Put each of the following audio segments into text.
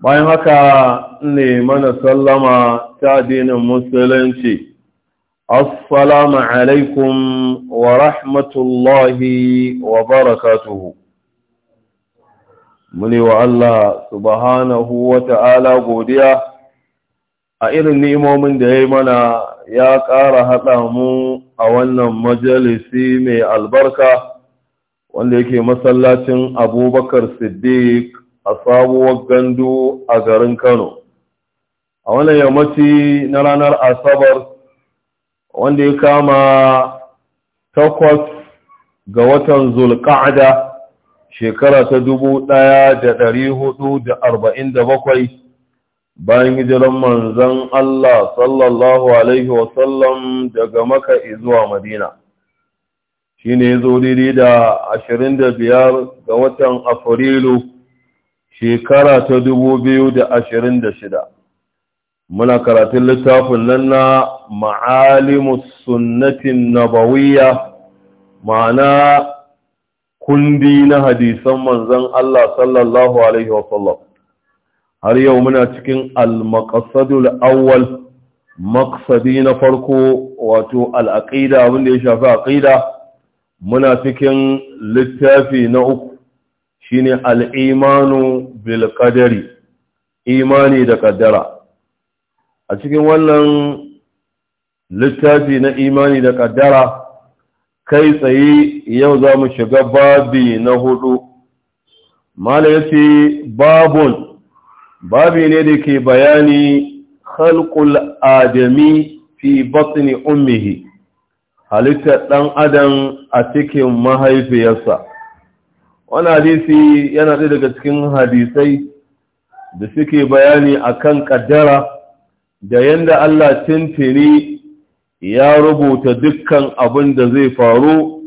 bayan haka ne mana sallama ta dinin musulunci assalamu alaikum wa rahmatullahi wa barakatuhu muni wa Allah subhanahu wa ta'ala godiya a irin nimomin da ya mana ya ƙara haɗa mu a wannan majalisi mai albarka wanda yake masallacin abubakar siddiq a sabuwar gandu a garin Kano. A wannan yammaci na ranar Asabar wanda ya kama takwas ga watan Zulƙa'ada shekara ta dubu ɗaya da ɗari hudu da arba'in da bakwai bayan hijiran manzan Allah sallallahu Alaihi wasallam daga maka zuwa Madina. Shi ne zo daidai da ashirin da biyar ga watan Afrilu shekara ta dubu biyu da ashirin da shida muna karatun littafin nan na ma'alimus sunnatin nabawiyya ma'ana kundi na hadisan Manzon Allah sallallahu Alaihi Sallam. har yau muna cikin al-maqasadul awwal maqsadi na farko wato al-aqida wanda ya shafi aqida muna cikin littafi na uku shine al'imanu bil imani da kaddara a cikin wannan littafi na imani da kaddara kai tsaye yau za mu shiga babi na hudu mala ya ce babun babi ne da ke bayani halkul adami fi batni ummihi halittar ɗan adam a cikin mahaifiyarsa wani hadisi yana ɗaya daga cikin hadisai da suke bayani a kan ƙaddara da yadda Allah tintini ya rubuta dukkan abin da zai faru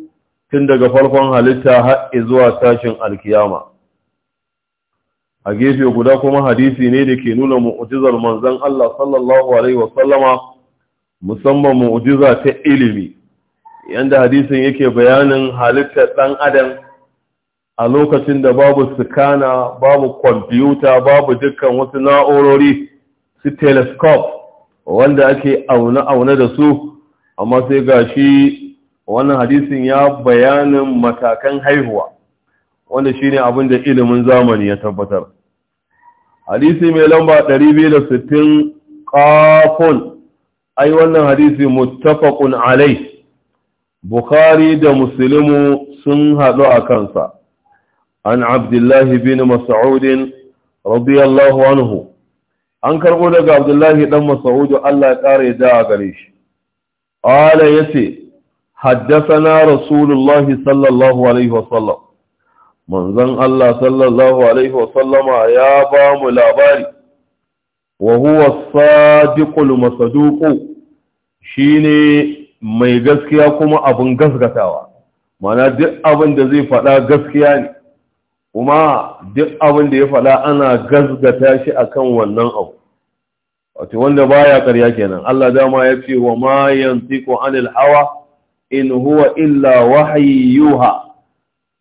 tun daga farkon halitta har zuwa tashin alkiyama a gefe guda kuma hadisi ne da ke nuna mu'ujizar manzon Allah sallallahu alaihi wasallama musamman mu'ujiza ta ilimi yadda hadisin yake bayanin halittar ɗan adam a lokacin da babu sikana, babu kwamfuta babu dukkan wasu na'urori su telescope wanda ake aune-aune da su amma sai ga shi wannan hadisin ya bayanin matakan haihuwa wanda shine abin da ilimin zamani ya tabbatar hadisi mai lamba 260 kafin ai wannan hadisi muttafaqun alai bukhari da musulmi sun haɗu a kansa an abdullahi bin mas'ud radiyallahu anhu an karbo daga abdullahi dan mas'ud Allah ya kare da gare shi qala yace haddathana rasulullahi sallallahu alaihi wasallam manzon Allah sallallahu alaihi wasallama ya ba mu labari wa huwa sadiqul masduq shine mai gaskiya kuma abin gaskatawa, mana duk abin da zai faɗa gaskiya ne kuma duk abin da ya faɗa ana gazgata shi akan wannan abu wato wanda baya ƙarya kenan Allah dama ya ce wa ma yantiqu anil hawa in huwa illa wahyi yuha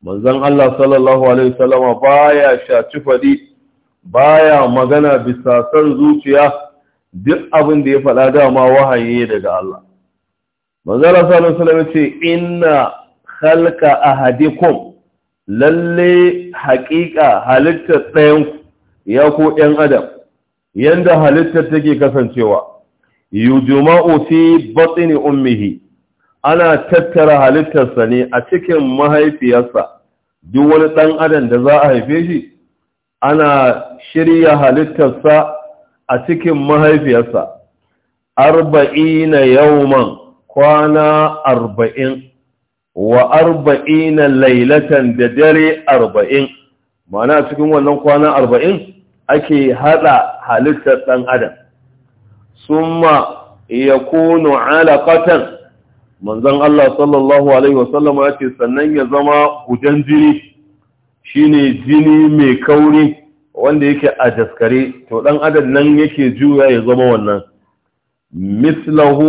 manzon Allah sallallahu alaihi wasallama baya shaci fadi baya magana bisa san zuciya duk abin da ya faɗa dama wahayi daga Allah manzon Allah sallallahu alaihi wasallama ce inna khalqa ahadikum lalle haƙiƙa halittar ɗayanku ya ko ɗan adam yanda halittar take kasancewa yujma'u fi batni ummihi ana tattara halittarsa ne a cikin mahaifiyarsa duk wani ɗan adam da za a haife shi ana shirya halittarsa a cikin mahaifiyarsa arba'ina yauman kwana arba'in wa arba'ina lailatan da dare arba'in mana cikin wannan kwana arba'in ake hada halittar ɗan adam summa ya kunu alaƙatan manzan Allah sallallahu Alaihi wasallam ya ce sannan ya zama gudan jini shine jini mai kauri wanda yake a daskare to ɗan adam nan yake juya ya zama wannan mislahu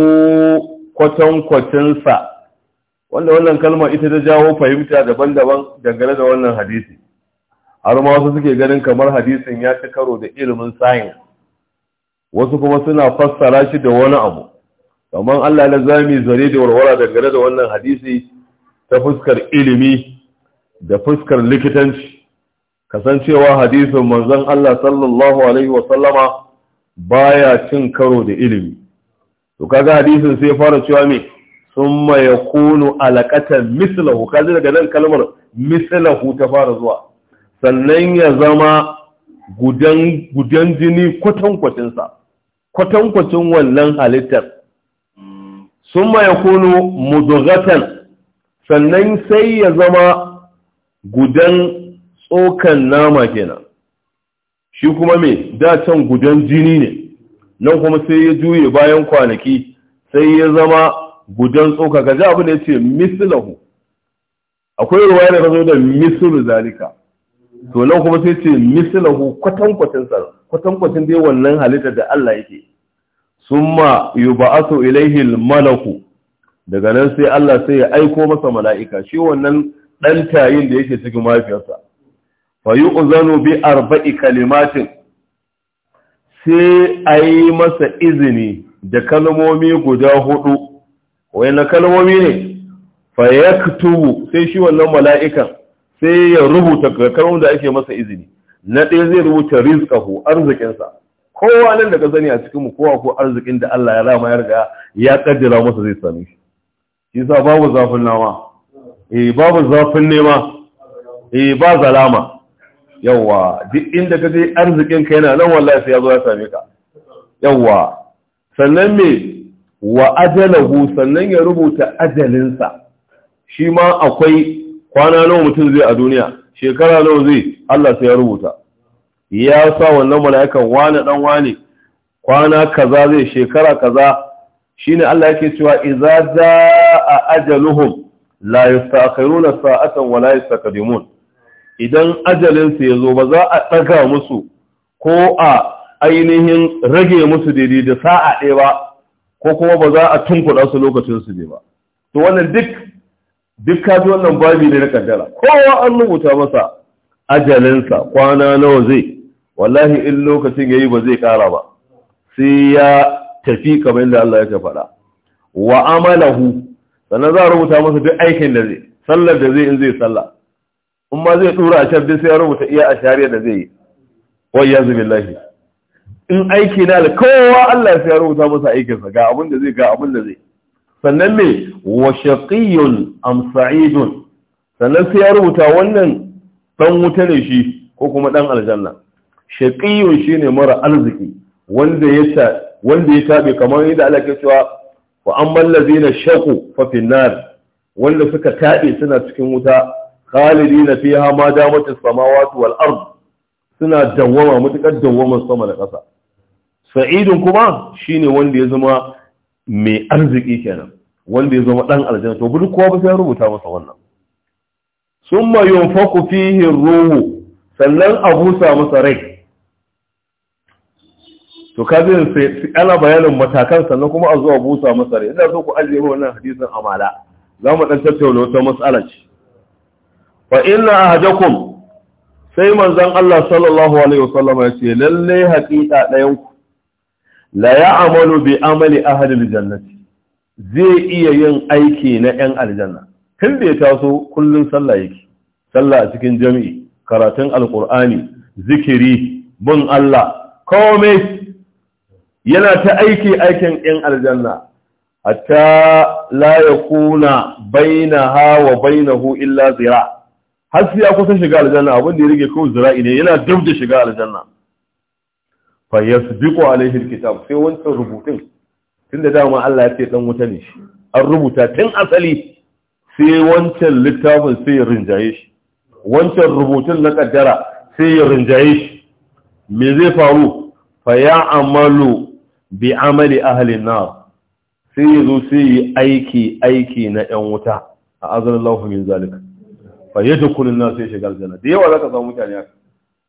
kwatansa wanda wannan kalma ita ta jawo fahimta daban-daban dangane da wannan hadisi har ma wasu suke ganin kamar hadisin ya ci karo da ilimin sayin wasu kuma suna fassara shi da wani abu kamar Allah na zami zare da warwara dangane da wannan hadisi ta fuskar ilimi da fuskar likitanci kasancewa hadisin manzon Allah sallallahu alaihi wa sallama baya cin karo da ilimi to kaga hadisin sai fara cewa me Sun thumma kunu alaqatan mislahu kaji daga nan kalmar mislahu ta fara zuwa sannan ya zama gudan jini kwatankwacinsa, kwatankwacin wannan halittar thumma kunu mudugatan sannan sai ya zama gudan tsokan nama kenan shi kuma mai da gudan jini ne nan kuma sai ya juye bayan kwanaki sai ya zama gudan tsoka ga ji abin da yace mislahu akwai ruwa da zo da mislu zalika to nan kuma sai ce mislahu kwatankwacin sa kwatankwacin dai wannan halitta da Allah yake summa yub'athu ilayhi al-malaku daga nan sai Allah sai ya aiko masa mala'ika shi wannan dan tayin da yake cikin mafiyarsa fa yu'zanu bi arba'i kalimatin sai ayi masa izini da kalmomi guda hudu wayannan kalmomi ne fa yaktubu sai shi wannan mala'ikan sai ya rubuta kalmomin da ake masa izini na ɗaya zai rubuta rizqahu arzikinsa kowa nan da ka sani a cikin mu kowa ko arzikin da Allah ya rama ya riga ya kaddara masa zai same shi shi babu zafin nama eh babu zafin nema eh ba zalama yawa duk inda ka je arzikin ka yana nan wallahi sai ya zo ya same ka yawa sannan me wa ajalahu sannan ya rubuta ajalinsa shi ma akwai kwana nawa mutum zai a duniya shekara nawa zai Allah sai ya rubuta ya sa wannan mala'ikan wani dan wani kwana kaza zai shekara kaza shine Allah yake cewa idza za'a ajaluhum la yastakhiruna sa'atan wa la yastaqdimun idan ajalin su yazo ba za a daga musu ko a ainihin rage musu daidai da sa'a ɗaya ba ko kuma ba za a tunkuɗa su lokacin su ne ba to wannan duk duk kafi wannan babi ne na kaddara kowa an rubuta masa ajalinsa kwana nawa zai wallahi in lokacin yayi ba zai kara ba sai ya tafi kamar yadda Allah ya faɗa wa amalahu sannan za a rubuta masa duk aikin da zai sallar da zai in zai sallah in ma zai dura a shabbi sai ya rubuta iya a shari'a da zai yi wa iyyazu billahi in aiki na kowa Allah ya rubuta masa aikinsa ga abin da zai ga abin da zai sannan me wa Shaqiyun am sa'idun sannan sai ya rubuta wannan dan wuta ne shi ko kuma dan aljanna shaqiyyun shine mara arziki wanda ya wanda ya tabe kamar yadda Allah ke cewa wa ammal ladina shaqu fa fin wanda suka tabe suna cikin wuta khalidina fiha ma damat as-samawati wal ard suna dawwama mutakar dawwama sama da ƙasa sa'idun kuma shine wanda ya zama mai arziki kenan wanda ya zama dan aljanna to duk kowa ba sai rubuta masa wannan summa yunfaku fihi ruhu sannan a busa masa rai to kafin sai ana bayanin matakan sannan kuma a zuwa busa masa rai ina so ku ajiye wannan hadisin amala za mu dan tattauna wata mas'ala ce fa inna ahadakum sai manzon Allah sallallahu alaihi wasallam ya ce lalle haƙiƙa ɗayan ku la ya'malu bi amali ahli aljannati zai iya yin aiki na yan aljanna tun da ya taso kullun sallah yake sallah a cikin jami'i karatun alqur'ani zikiri bin Allah kome yana ta aiki aikin yan aljanna hatta la yakuna bainaha wa bainahu illa zira har sai ya kusa shiga aljanna abin da ya rige kawai zira'i ne yana dab da shiga aljanna fa yasbiqu alaihi sai wancan rubutun tunda dama Allah ya ce dan wuta ne shi an rubuta tun asali sai wancan littafin sai ya rinjaye shi wancan rubutun na ƙaddara sai ya rinjaye shi me zai faru fa ya amalu bi amali ahli nar sai ya zo sai yi aiki aiki na yan wuta a azallahu min zalika fa yadkhulun nas sai shiga aljanna da yawa zaka samu mutane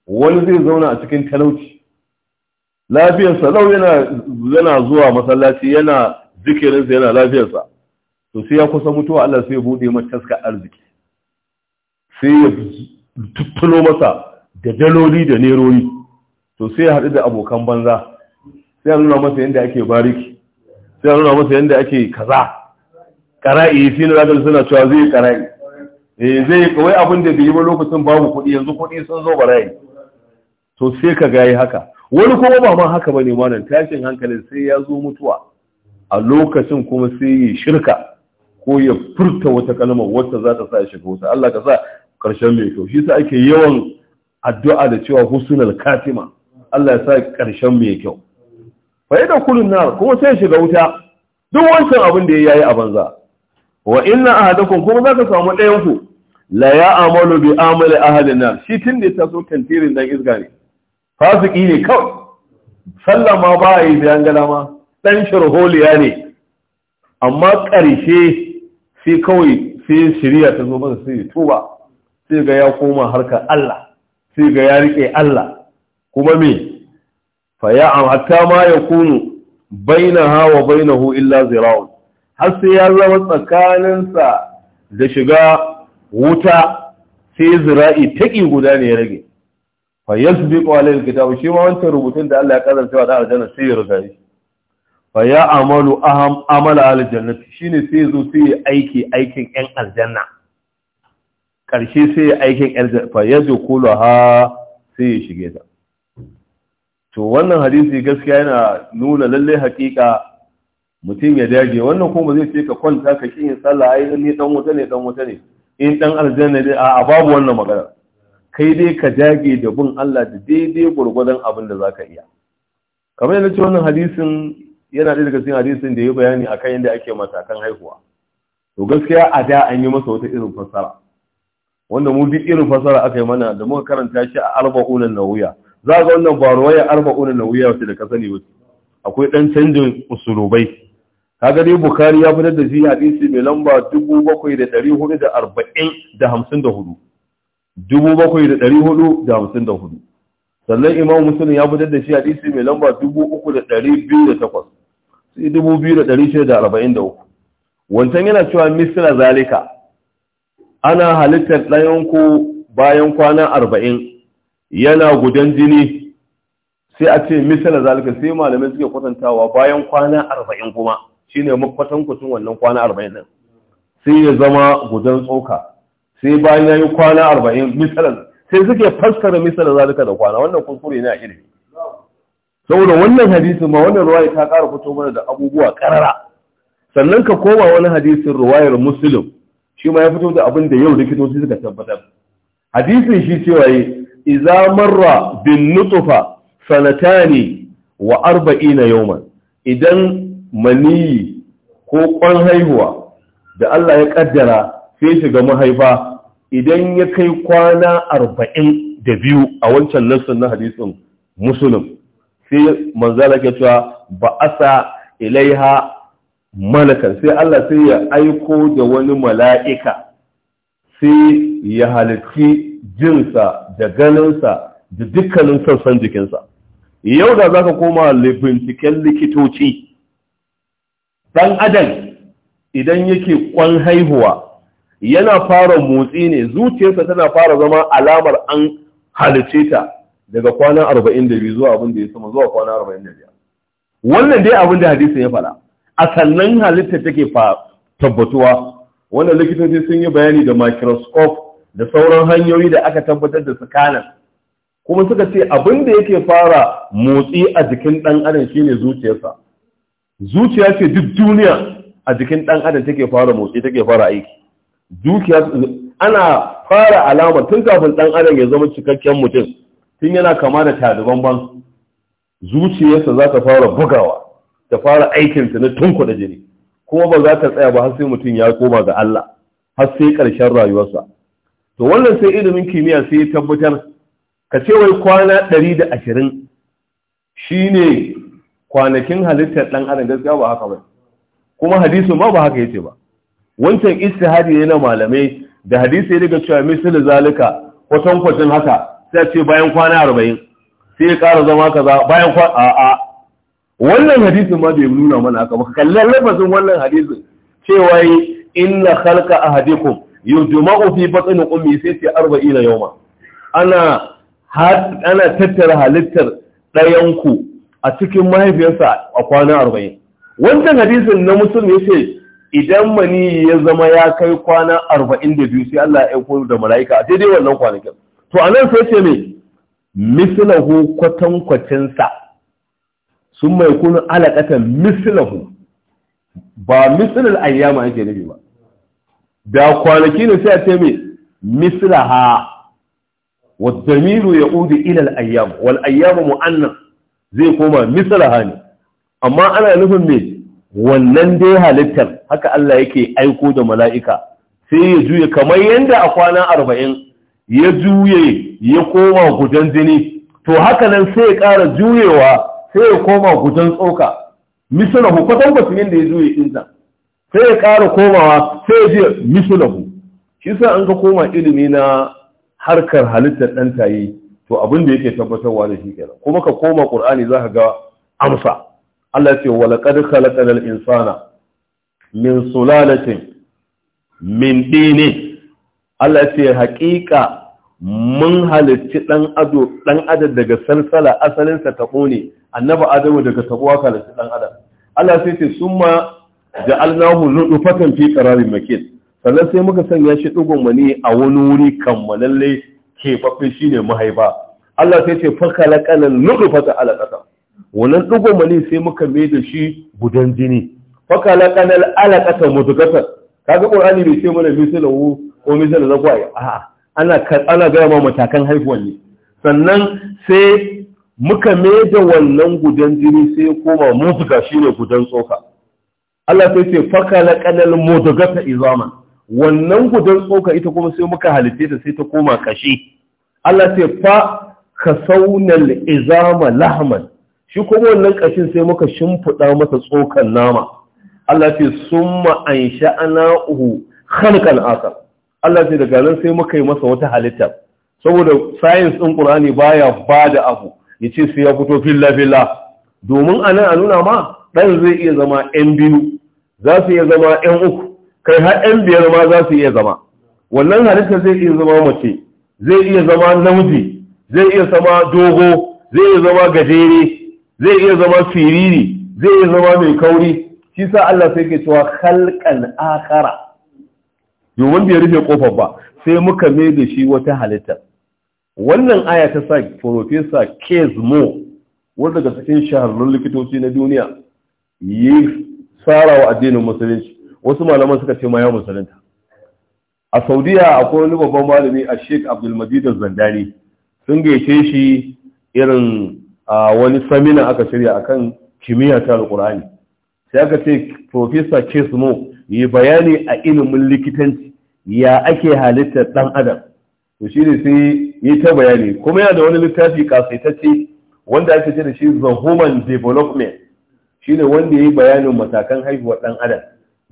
wani zai zauna a cikin talauci lafiyarsa lau yana zuwa masallaci yana zikirinsa yana lafiyarsa to sai ya kusa mutuwa Allah sai ya bude masa taskar arziki sai ya tuttulo masa da daloli da neroli to sai ya haɗu da abokan banza sai ya nuna masa yadda ake bariki sai ya nuna masa yadda ake kaza ƙara'i shi ne zagar suna cewa zai ƙara'i eh zai kawai abin da bai yi ba lokacin babu kuɗi yanzu kuɗi sun zo barayi to sai ka yi haka wani kuma ba ma haka bane malam tashin hankalin sai ya zo mutuwa a lokacin kuma sai ya shirka ko ya furta wata kalma wacce za ta sa ya shiga wuta Allah ka sa karshen mai kyau shi sa ake yawan addu'a da cewa husnul katima Allah ya sa karshen mai kyau fa yada kullun nar kuma sai ya shiga wuta duk wancan abin da yayi a banza wa inna ahadakum kuma zaka samu ɗayan ku la ya'malu bi amali ahlin nar shi tunda ta so tantirin dan isga ne fasiki ne kawai sallah ma ba yi bayan gada ma dan sharholiya ne amma ƙarshe sai kawai sai shirya ta zo masa sai tuba sai ga ya koma harkar Allah sai ga ya rike Allah kuma me fa ya hatta ma ya hawa, bainaha wa bainahu illa zira'un har sai ya zama tsakaninsa da shiga wuta sai zira'i taƙi guda ne ya rage fa yasbiqu alayhi alkitab shi ma wancan rubutun da Allah ya cewa da aljanna sai ya riga shi fa ya amalu aham amala aljannati shine sai zo sai ya aiki aikin yan aljanna karshe sai ya aikin aljanna fa ha sai ya shige ta to wannan hadisi gaskiya yana nuna lalle hakika mutum ya dage wannan kuma zai ce ka kwanta ka kin sallah ai ni dan wuta ne dan wuta ne in dan aljanna ne a babu wannan magana kai dai ka jage da bin Allah da daidai gurgudan abin da za ka iya kamar yadda ce wannan hadisin yana da daga cikin hadisin da ya bayani akan yadda ake matakan haihuwa to gaskiya a da an yi masa wata irin fasara wanda mu duk irin fasara aka yi mana da muka karanta shi a arba'unan nawiya za ga wannan ba ya arba'unan nawiya wace da ka sani wace akwai dan canjin usulubai kaga dai bukari ya fitar da shi hadisi mai lamba dubu bakwai da da da da hudu arba'in hamsin hudu. dubu bakwai da dari hudu da hamsin da hudu sannan imam musulun ya fitar da shi hadisi mai lamba dubu uku da dari biyu da takwas sai dubu biyu da dari shida da arba'in da uku wancan yana cewa misra zalika ana halittar ɗayan ku bayan kwana arba'in yana gudan jini sai a ce misra zalika sai malamai suke kwatantawa bayan kwana arba'in kuma shine makwatan kwatan wannan kwana arba'in nan, sai ya zama gudan tsoka sai bayan ya yi kwana arba'in misalan sai suke fassara misalan zalika da kwana wannan kuskure ne a ilimi saboda wannan hadisin ma wannan ruwaya ta ƙara fito mana da abubuwa ƙarara sannan ka koma wani hadisin ruwayar muslim shi ma ya fito da abin da yau likitoci suka tabbatar hadisin shi cewa yi iza marra bin nutufa sanatani wa arba'ina yawman idan maniyi ko kwan haihuwa da Allah ya kaddara sai shiga mahaifa idan ya kai kwana arba'in da biyu a wancan lansun na hadisin musulun sai manzala ke cewa ba asa ilaiha malakan sai Allah sai ya aiko da wani mala'ika sai ya halarci jinsa da ganinsa da dukkanin sassan jikinsa yau da za ka koma binciken likitoci ɗan adam idan yake kwan haihuwa yana fara motsi ne zuciyarsa tana fara zama alamar an halice ta daga kwana 42 zuwa abin da ya sama zuwa kwana 45 wannan dai abin da hadisin ya faɗa a sannan halitta take tabbatuwa wannan likitoci sun yi bayani da microscope da sauran hanyoyi da aka tabbatar da scanner kuma suka ce abin da yake fara motsi a jikin dan adam shine zuciyarsa zuciya ce duk duniya a jikin dan adam take fara motsi take fara aiki dukiya ana fara alama tun kafin dan adam ya zama cikakken mutum tun yana kama da taliban ban zuciyarsa za ta fara bugawa ta fara ta na tunkuɗa jini kuma ba za ta tsaya ba har sai mutum ya koma ga Allah har sai ƙarshen rayuwarsa to wannan sai ilimin kimiyya sai ya tabbatar ka ce wai kwana 120 shine kwanakin halittar dan adam gaskiya ba haka ba kuma hadisin ma ba haka yace ba wancan istihadi ne na malamai da hadisi daga cewa misali zalika kwatan kwatan haka sai ce bayan kwana arba'in sai ya ƙara zama kaza bayan kwana a'a wannan hadisin ma bai nuna mana haka ba kallon lafazin wannan hadisin cewa yi inna hadikun yi yujma'u fi batni ummi sai ce arba'in yawma ana ana tattara halittar ɗayan ku a cikin mahaifiyarsa a kwana arba'in. Wancan hadisin na musulmi ya ce idan mani ya zama ya kai kwana arba'in da biyu sai Allah ya aiko da mala'ika a daidai wannan kwanakin to a nan sai ce me mislahu kwatankwacinsa sun mai kunu alaƙatan mislahu ba mislal ayyama yake nufi ba da kwanaki ne sai a ce me mislaha والضمير ilal ayyama. Wal ayyama مؤنث zai koma mislaha ne amma ana nufin me wannan dai halittar haka Allah yake aiko da mala'ika sai ya juye kamar yadda a kwana arba'in ya juye ya koma gudan jini to haka nan sai ya ƙara juyewa sai ya koma gudan tsoka misulahu kwatan basu yadda ya juye ɗinsa sai ya ƙara komawa sai ya je misulahu shi sa an ka koma ilimi na harkar halittar ɗan tayi to abin da yake tabbatarwa da shi kenan kuma ka koma ƙur'ani za ka ga amsa Allah ce wa laqad khalaqal insana min sulalatin min dini Allah ce haƙiƙa mun halitti ɗan ado ɗan adam daga salsala asalinsa taɓo ne annaba adamu daga taɓo aka halitti ɗan adam Allah sai ce summa ja'alnahu nutfatan fi qararin makin sannan sai muka sanya shi ɗigon mani a wani wuri kammalalle keɓaɓɓe shine mahaifa Allah sai ce fa khalaqana nutfata alaƙasa. wannan ɗigon mani sai muka mai da shi gudan jini faka laƙanar alaƙasa mutukata kaga ƙorani bai ce mana misali wu ko misali zakwai a ana ana gama ma matakan haihuwar ne sannan sai muka da wannan gudan jini sai koma mutuka shine gudan tsoka Allah sai ce faka kanal mutugata izama wannan gudan tsoka ita kuma sai muka halitta ta sai ta koma kashi Allah sai fa kasaunal izama lahman shi kuma wannan kashin sai muka shimfiɗa masa tsokan nama Allah ce Ana, Uhu, harkar akhar Allah ce daga nan sai muka yi masa wata halitta saboda science ɗin ƙur'ani baya ba da abu yace sai ya fito filla filla domin anan a nuna ma ɗan zai iya zama yan biyu za su iya zama yan uku kai har yan biyar ma za su iya zama wannan halitta zai iya zama mace zai iya zama namiji zai iya zama dogo zai iya zama gajere zai iya zama firiri zai iya zama mai kauri shi Allah sai ke cewa khalqan akhara domin bai rufe kofar ba sai muka mai da shi wata halitta wannan aya ta sa professor Kezmo wanda daga cikin shahararrun likitoci na duniya yi tsara wa addinin musulunci wasu malaman suka ce ma ya musulunta a saudiya akwai wani babban malami a sheik abdulmajid zandani sun gaishe shi irin a wani samina aka shirya akan kimiyya ta Alƙur'ani. sai aka ce Profesa Kesmo yi bayani a ilimin likitanci ya ake halittar ɗan adam to shi ne sai yi ta bayani kuma yana da wani littafi kasaitacce wanda ake ce da shi the human development shi ne wanda ya yi bayanin matakan haihuwar ɗan adam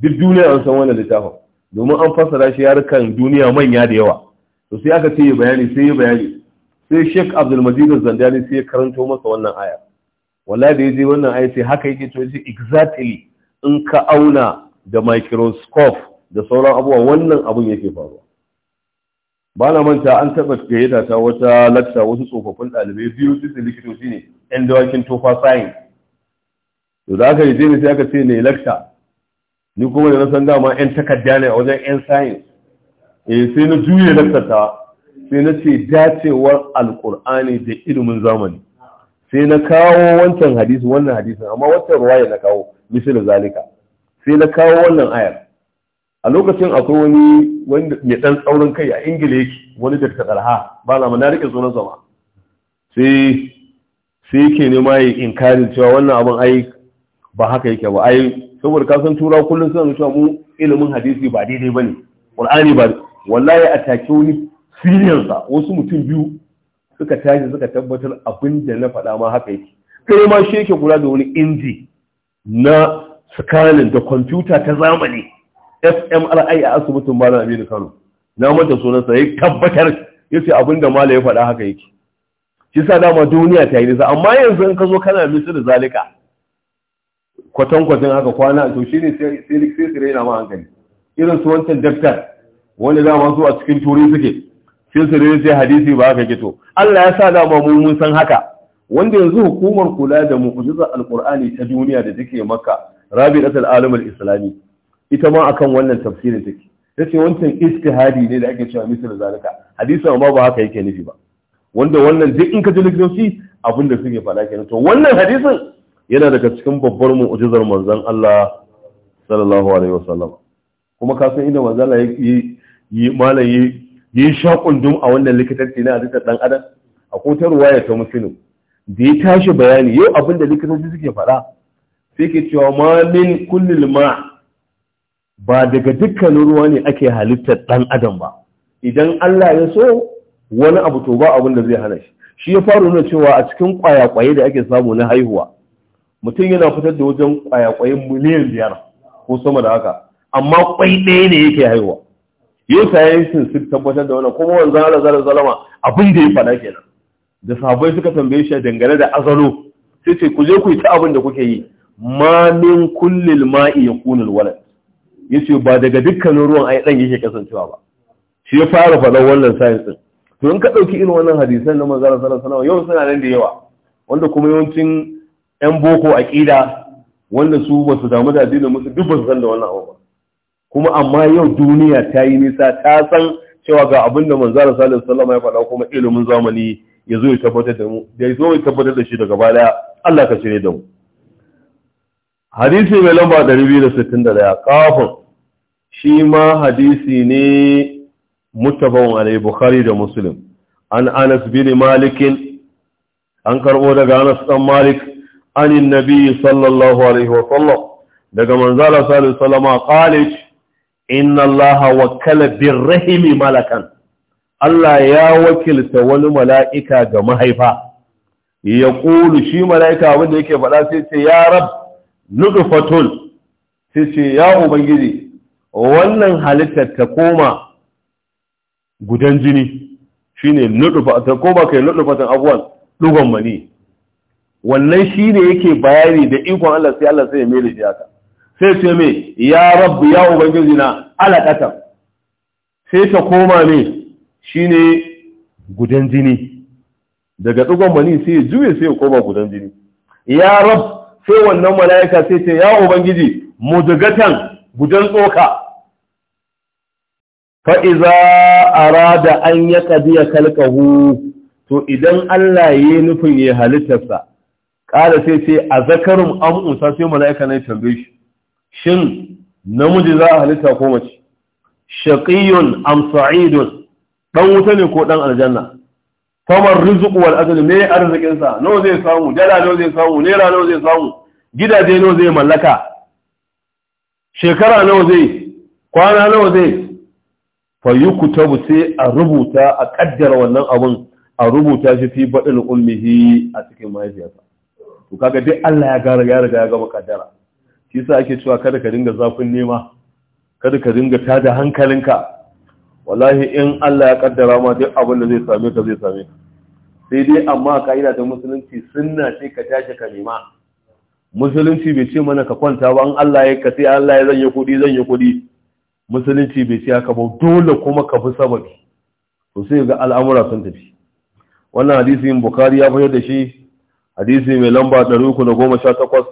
duk duniya an san wannan littafin domin an fassara shi yarukan duniya manya da yawa to sai aka ce yi bayani sai yi bayani sai sheik abdulmajid zandani sai ya karanto masa wannan aya wala da yaje wannan ai sai haka yake cewa exactly in ka auna da microscope da sauran abuwa wannan abun yake faruwa ba na manta an taɓa gayyata ta wata lecture wasu tsofaffin ɗalibai biyu duk da likitoci ne yan dawakin for science to da aka yi jini sai aka ce ne lecture ni kuma da na san dama yan takarda ne a wajen yan science eh sai na juye lecture ta sai na ce dacewar alqur'ani da ilimin zamani sai na kawo wancan hadisi wannan hadisin amma wancan ruwaya na kawo misal zalika sai na kawo wannan ayar a lokacin akwai wani mai dan tsaurin kai a ingila yake wani da ta dalha ba na na rike sunan sa sai sai yake nema yi inkarin cewa wannan abin ai ba haka yake ba ai saboda ka san tura kullum suna cewa mu ilimin hadisi ba daidai bane qur'ani ba wallahi a take wani siriyar wasu mutum biyu suka tashi suka tabbatar abin da na faɗa ma haka yake kai ma shi yake kula da wani inji na scanning da kwamfuta ta zamani fMRI a asibitin Malam Aminu Kano na mata sunansa ya tabbatar yace abin da Malam ya faɗa haka yake shi sa dama duniya ta yi nisa amma yanzu in ka zo kana misir zalika kwatankwatan haka kwana to shine sai sai sai yana ma hankali irin su wancan daftar wani dama zuwa cikin turai suke silsilin sai hadisi ba haka kito Allah ya sa da mu mun san haka wanda yanzu hukumar kula da mu'jizar alqur'ani ta duniya da take makka rabi'at al al-islami ita ma akan wannan tafsirin take tace wancan istihadi ne da ake cewa misal zalika hadisi amma ba haka yake nufi ba wanda wannan duk in ka ji likitoci abin da suke faɗa kenan to wannan hadisin yana daga cikin babbar mu'jizar manzon Allah sallallahu alaihi wasallam kuma ka san inda manzon Allah yi malam yi ya yi dum a wannan likitanci na halittar ɗan adam a kotar ta musulun da ya tashi bayani yau abin da likitanci suke faɗa sai ke cewa ma min kullil ma ba daga dukkanin ruwa ne ake halittar ɗan adam ba idan Allah ya so wani abu to ba abin da zai hana shi shi ya faru nuna cewa a cikin kwayakwaye da ake samu na haihuwa mutum yana fitar da wajen kwayakwaye miliyan biyar ko sama da haka amma kwai ɗaya ne yake haihuwa yau yi sun tabbatar da wannan kuma wanzan ala zara zalama abin da ya fada kenan da sahabbai suka tambaye shi dangane da azalo sai ce ku je ku yi ta abin da kuke yi ma min kullil ma'i yakunul walad yace ba daga dukkanin ruwan ai dan yake kasancewa ba shi ya fara faɗa wannan science din to in ka dauki irin wannan hadisan na manzara sallallahu alaihi yau suna nan da yawa wanda kuma yawancin yan boko aqida wanda su ba su damu da addinin musu duk ba su san da wannan abu ba kuma amma yau duniya ta yi nisa ta san cewa ga abin da manzo Allah sallallahu alaihi wasallam ya faɗa kuma ilimin zamani ya zo ya tabbatar da mu da ya zo ya tabbatar da shi daga baya Allah ka shirye da mu hadisi mai lamba 261 kafin shi ma hadisi ne muttafaqun alaihi bukhari da muslim an Anas bin Malik an karbo daga Anas dan Malik anin nabi sallallahu alaihi wasallam daga manzo Allah sallallahu alaihi wasallam qala inna allaha bin birrahimi malakan Allah ya wakilta wani mala'ika ga mahaifa ya ƙulu shi mala'ika wanda yake faɗa sai ce ya rab nudufatun sai ce ya ubangiji wannan halittar ta koma gudan jini shi ne ta koma kai nudufatan abuwan ɗugon mani wannan shi ne yake bayani da ikon Allah sai Allah sai ya mere shi haka sai ce mai, ya rabu ya ubangiji na alaƙata sai ta koma ne gudan jini daga tsugon mani sai ya juye sai ya koma gudan jini ya rabu, sai wannan mala'ika sai ce ya ubangiji dugatan gudan tsoka fa iza arada an ya qadiya kalkahu to idan Allah ya nufin ya halittarsa ƙada sai ce a zakarun am usa sai mala'ika ya tambaye shi shin namiji za a halitta ko mace shaqiyun am sa'idun dan wuta ne ko dan aljanna kamar rizqu wal ajal me arzikin sa nawa zai samu dala nawa zai samu naira nawa zai samu gidaje nawa zai mallaka shekara nawa zai kwana nawa zai fa yuktabu sai a rubuta a kaddara wannan abun a rubuta shi fi badal ummihi a cikin mahaifiyarsa to kaga dai Allah ya gara ya riga ya gama kaddara shi sa ake cewa kada ka dinga zafin nema kada ka dinga tada hankalinka wallahi in Allah ya kaddara ma duk abin da zai same ka zai same ka sai dai amma ka'ida ta musulunci sunna ce ka tashi ka nema musulunci bai ce mana ka kwanta ba an Allah ya kace Allah ya zanya kudi zanya kudi musulunci bai ce haka ba dole kuma ka fi sababi to sai ga al'amura sun tafi wannan hadisin bukhari ya fayar da shi hadisi mai lamba 318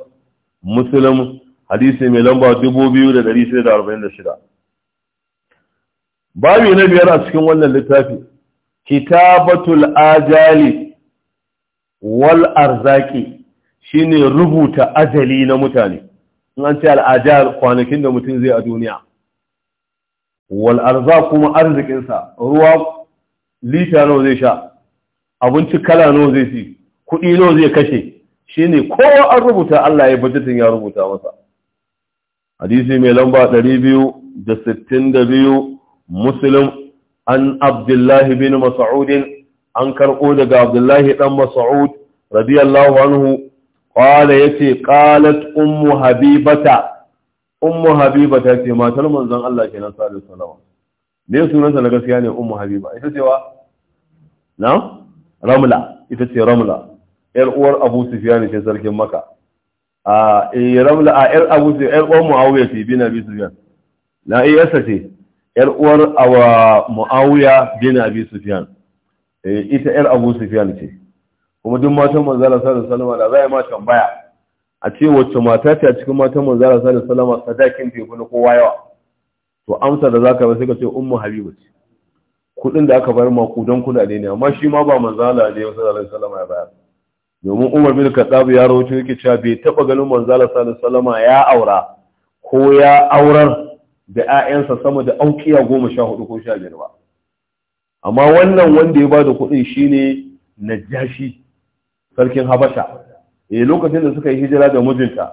muslim hadisi mai lamba 2646 babu na biyar a cikin wannan littafi kitabatul ajali wal arzaki shine rubuta ajali na mutane in an ce ajal kwanakin da mutum zai a duniya wal arza kuma arzikinsa ruwa lita nawa zai sha abinci kala nawa zai ci kuɗi nawa zai kashe shine kowa an rubuta Allah ya budgetin ya rubuta masa hadisi mai lamba 262 muslim an abdullahi bin mas'udin an karɓo daga abdullahi ɗan mas'ud radiyallahu anhu ƙwala ya ce ƙalat ummu habibata ummu habibata ce matar manzon Allah ke nan sa'adu salama ne sunanta na gaskiya ne ummu habiba ita cewa na ramla ita ce ramla ‘yar uwar abu sufiya ne ke sarkin maka a eh, ramla a yar abu su yar uwar muawiya ce bin abi sufyan na iya eh, yasa ce yar uwar awa muawiya bin abi sufyan eh, ita yar abu sufyan ce kuma duk matan manzala sallallahu alaihi wasallam da zai ma tambaya a ce wacce mata ce a cikin matan manzala sallallahu alaihi wasallam sadakin teku na kowa yawa to amsa da zaka ba sai ka ce ummu habiba ce kudin da aka bayar ma kudan kudade ne amma shi ma ba manzala ne sallallahu alaihi salama ya bayar domin umar bin katsabu ya rawaito yake cewa bai taɓa ganin manzala sallallahu alaihi ya aura ko ya aurar da 'ya'yansa sama da aukiya goma sha hudu ko sha biyar ba amma wannan wanda ya ba da kuɗin shine najashi sarkin habasha eh lokacin da suka yi hijira da mijinta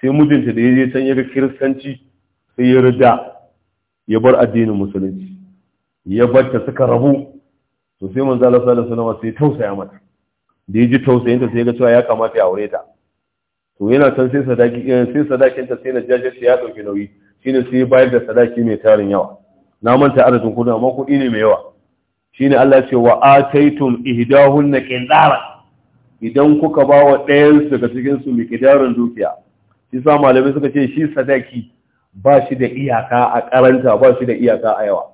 sai mijinta da ya je can ya kiristanci sai ya rida ya bar addinin musulunci ya barta suka rabu to sai manzala Allah sallallahu alaihi wasallam sai tausaya mata da ya ji tausayinta sai ga cewa ya kamata ya aure ta to yana san sai sadaki eh, sai sadakin ta sai na jaje ya dauki nauyi shine sai ya bayar da sadaki mai tarin yawa na manta adadin kudi amma kudi ne mai yawa shine Allah ya ce wa ataitum ihdahunna qindara idan kuka ba wa ɗayan daga cikin su miqdarin dukiya shi sa malamai suka ce shi sadaki ba shi da iyaka a karanta ba shi da iyaka a yawa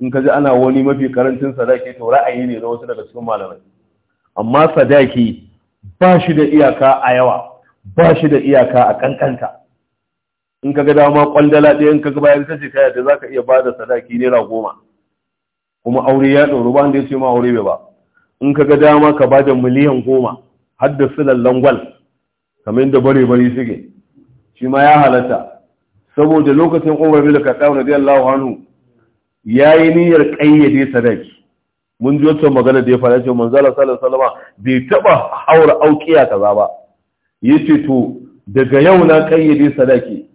in ka ji ana wani mafi karancin sadaki to ra'ayi ne na wasu daga cikin malamai amma sadaki ba shi da iyaka a yawa ba shi da iyaka a kankanta in ka ga dama kwandala ɗaya in ka ga bayan ta shekara da za ka iya ba da sadaki naira goma kuma aure ya ɗoro ba da ya ce ma aure bai ba in ka ga dama ka ba da miliyan goma har da silan langwal kamar da bare bare suke shi ma ya halatta saboda lokacin umar bin khattab radiyallahu anhu yayi niyyar kayyade sadaki mun ji wata magana da ya fara ce manzo Allah sallallahu alaihi wasallam bai taba haura aukiya kaza ba yace to daga yau na kayyade sadaki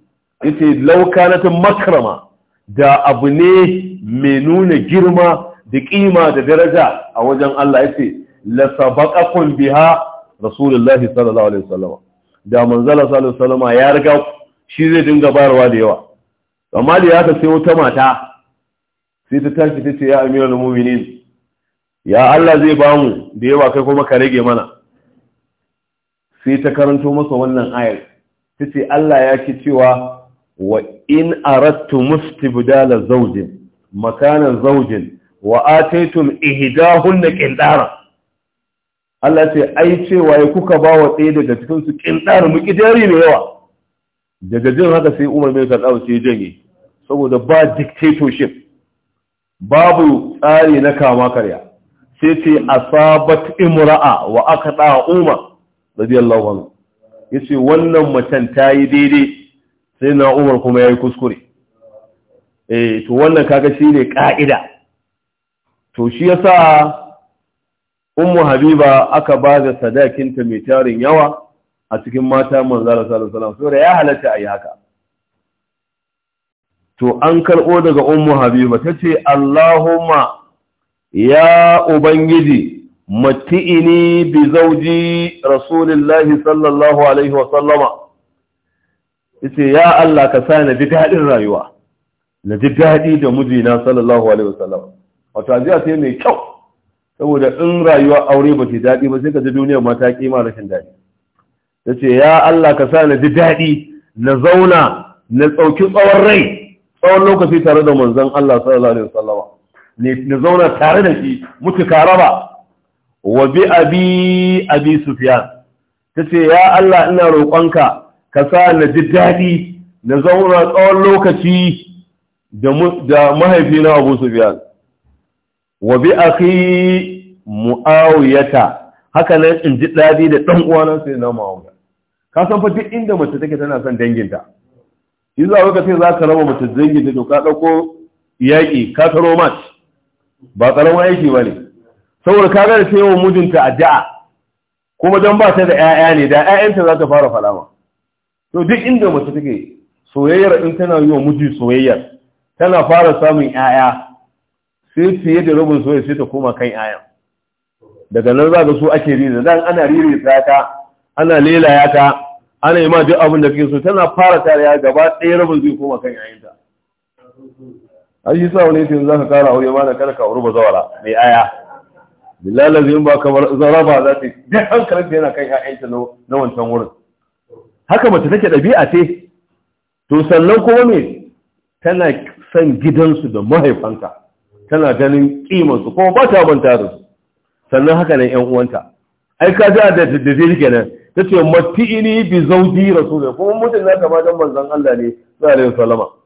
yace law kanat makrama da abu ne mai nuna girma da kima da daraja a wajen Allah yace la sabaqakum biha rasulullahi sallallahu alaihi wasallam da manzo Allah sallallahu alaihi wasallam ya riga shi zai dinga barwa da yawa amma da ya ta sai wata mata sai ta tashi tace ya amiral mu'minin ya Allah zai ba mu da yawa kai kuma ka rage mana sai ta karanto masa wannan ayar ta ce Allah ya ce cewa wa in arattu mustibdala zawjin makanan zawjin wa ihida ihdahunna qindara Allah ce ai cewa ya kuka ba wa ɗaya daga cikin su qindara muki jari ne yawa daga jin haka sai Umar bin Khattab sai janye saboda ba dictatorship babu tsari na kama karya sai ce asabat imra'a wa aka ɗa umar radiyallahu anhu yace wannan macen ta yi daidai sai na umar kuma ya yi kuskure eh to wannan kaga shi ne ƙa'ida to shi yasa ummu habiba aka ba da sadakinta mai tarin yawa a cikin mata manzara sallallahu alaihi wasallam saboda ya halatta ayi haka to an karɓo daga ummu habiba tace allahumma ya ubangiji mati'ini bi zauji rasulullahi sallallahu alaihi wa sallama yace ya Allah ka sa ni dadin rayuwa na ji dadi da mijina sallallahu alaihi wa sallama wato azia sai mai kyau saboda in rayuwa aure ba ta dadi ba sai ka ji duniyar mata kima rashin dadi yace ya Allah ka sa na ji dadi na zauna na tsauki tsawon rai tsawon lokaci tare da manzon Allah sallallahu alaihi wa sallama na zauna tare da shi ka raba. wa bi abi abi sufyan tace ya Allah ina roƙonka ka sa na ji daɗi na zauna tsawon lokaci da mahaifina abu sufyan wa bi akhi muawiyata haka nan in ji daɗi da ɗan uwana sai na muawiya ka san fa duk inda mace take tana son danginta idan lokacin lokacin za ka raba mace danginta to ka ɗauko yaƙi ka taro mace ba karamin aiki ba ne saboda ka gane sai yawan mijinta addu'a kuma don ba ta da 'ya'ya ne da 'ya'yanta za ta fara falama to duk inda mace take soyayyar in tana yi wa miji soyayyar tana fara samun 'ya'ya sai fiye da rabin soyayya sai ta koma kan 'ya'yan daga nan za ga su ake rina, dan ana riri ta ana ya ta ana yi ma duk abin da kake so tana fara tare gaba ɗaya rabin zai koma kan 'ya'yanta har yi sa wani yanzu za kara aure ma da kada ka aure ba zawara mai aya bilalazi zai ba ka zaraba za ta yi hankalin da yana kan ya'yanta na wancan wurin haka mace take ɗabi'a ce to sannan kuma me tana son gidansu da mahaifanta tana ganin kimansu kuma ba ta manta da su sannan haka nan 'yan uwanta ai ka ji da daddare kenan tace ce mati'ini bi zauji rasulullahi kuma mutum na kama dan manzon Allah ne sallallahu alaihi wasallam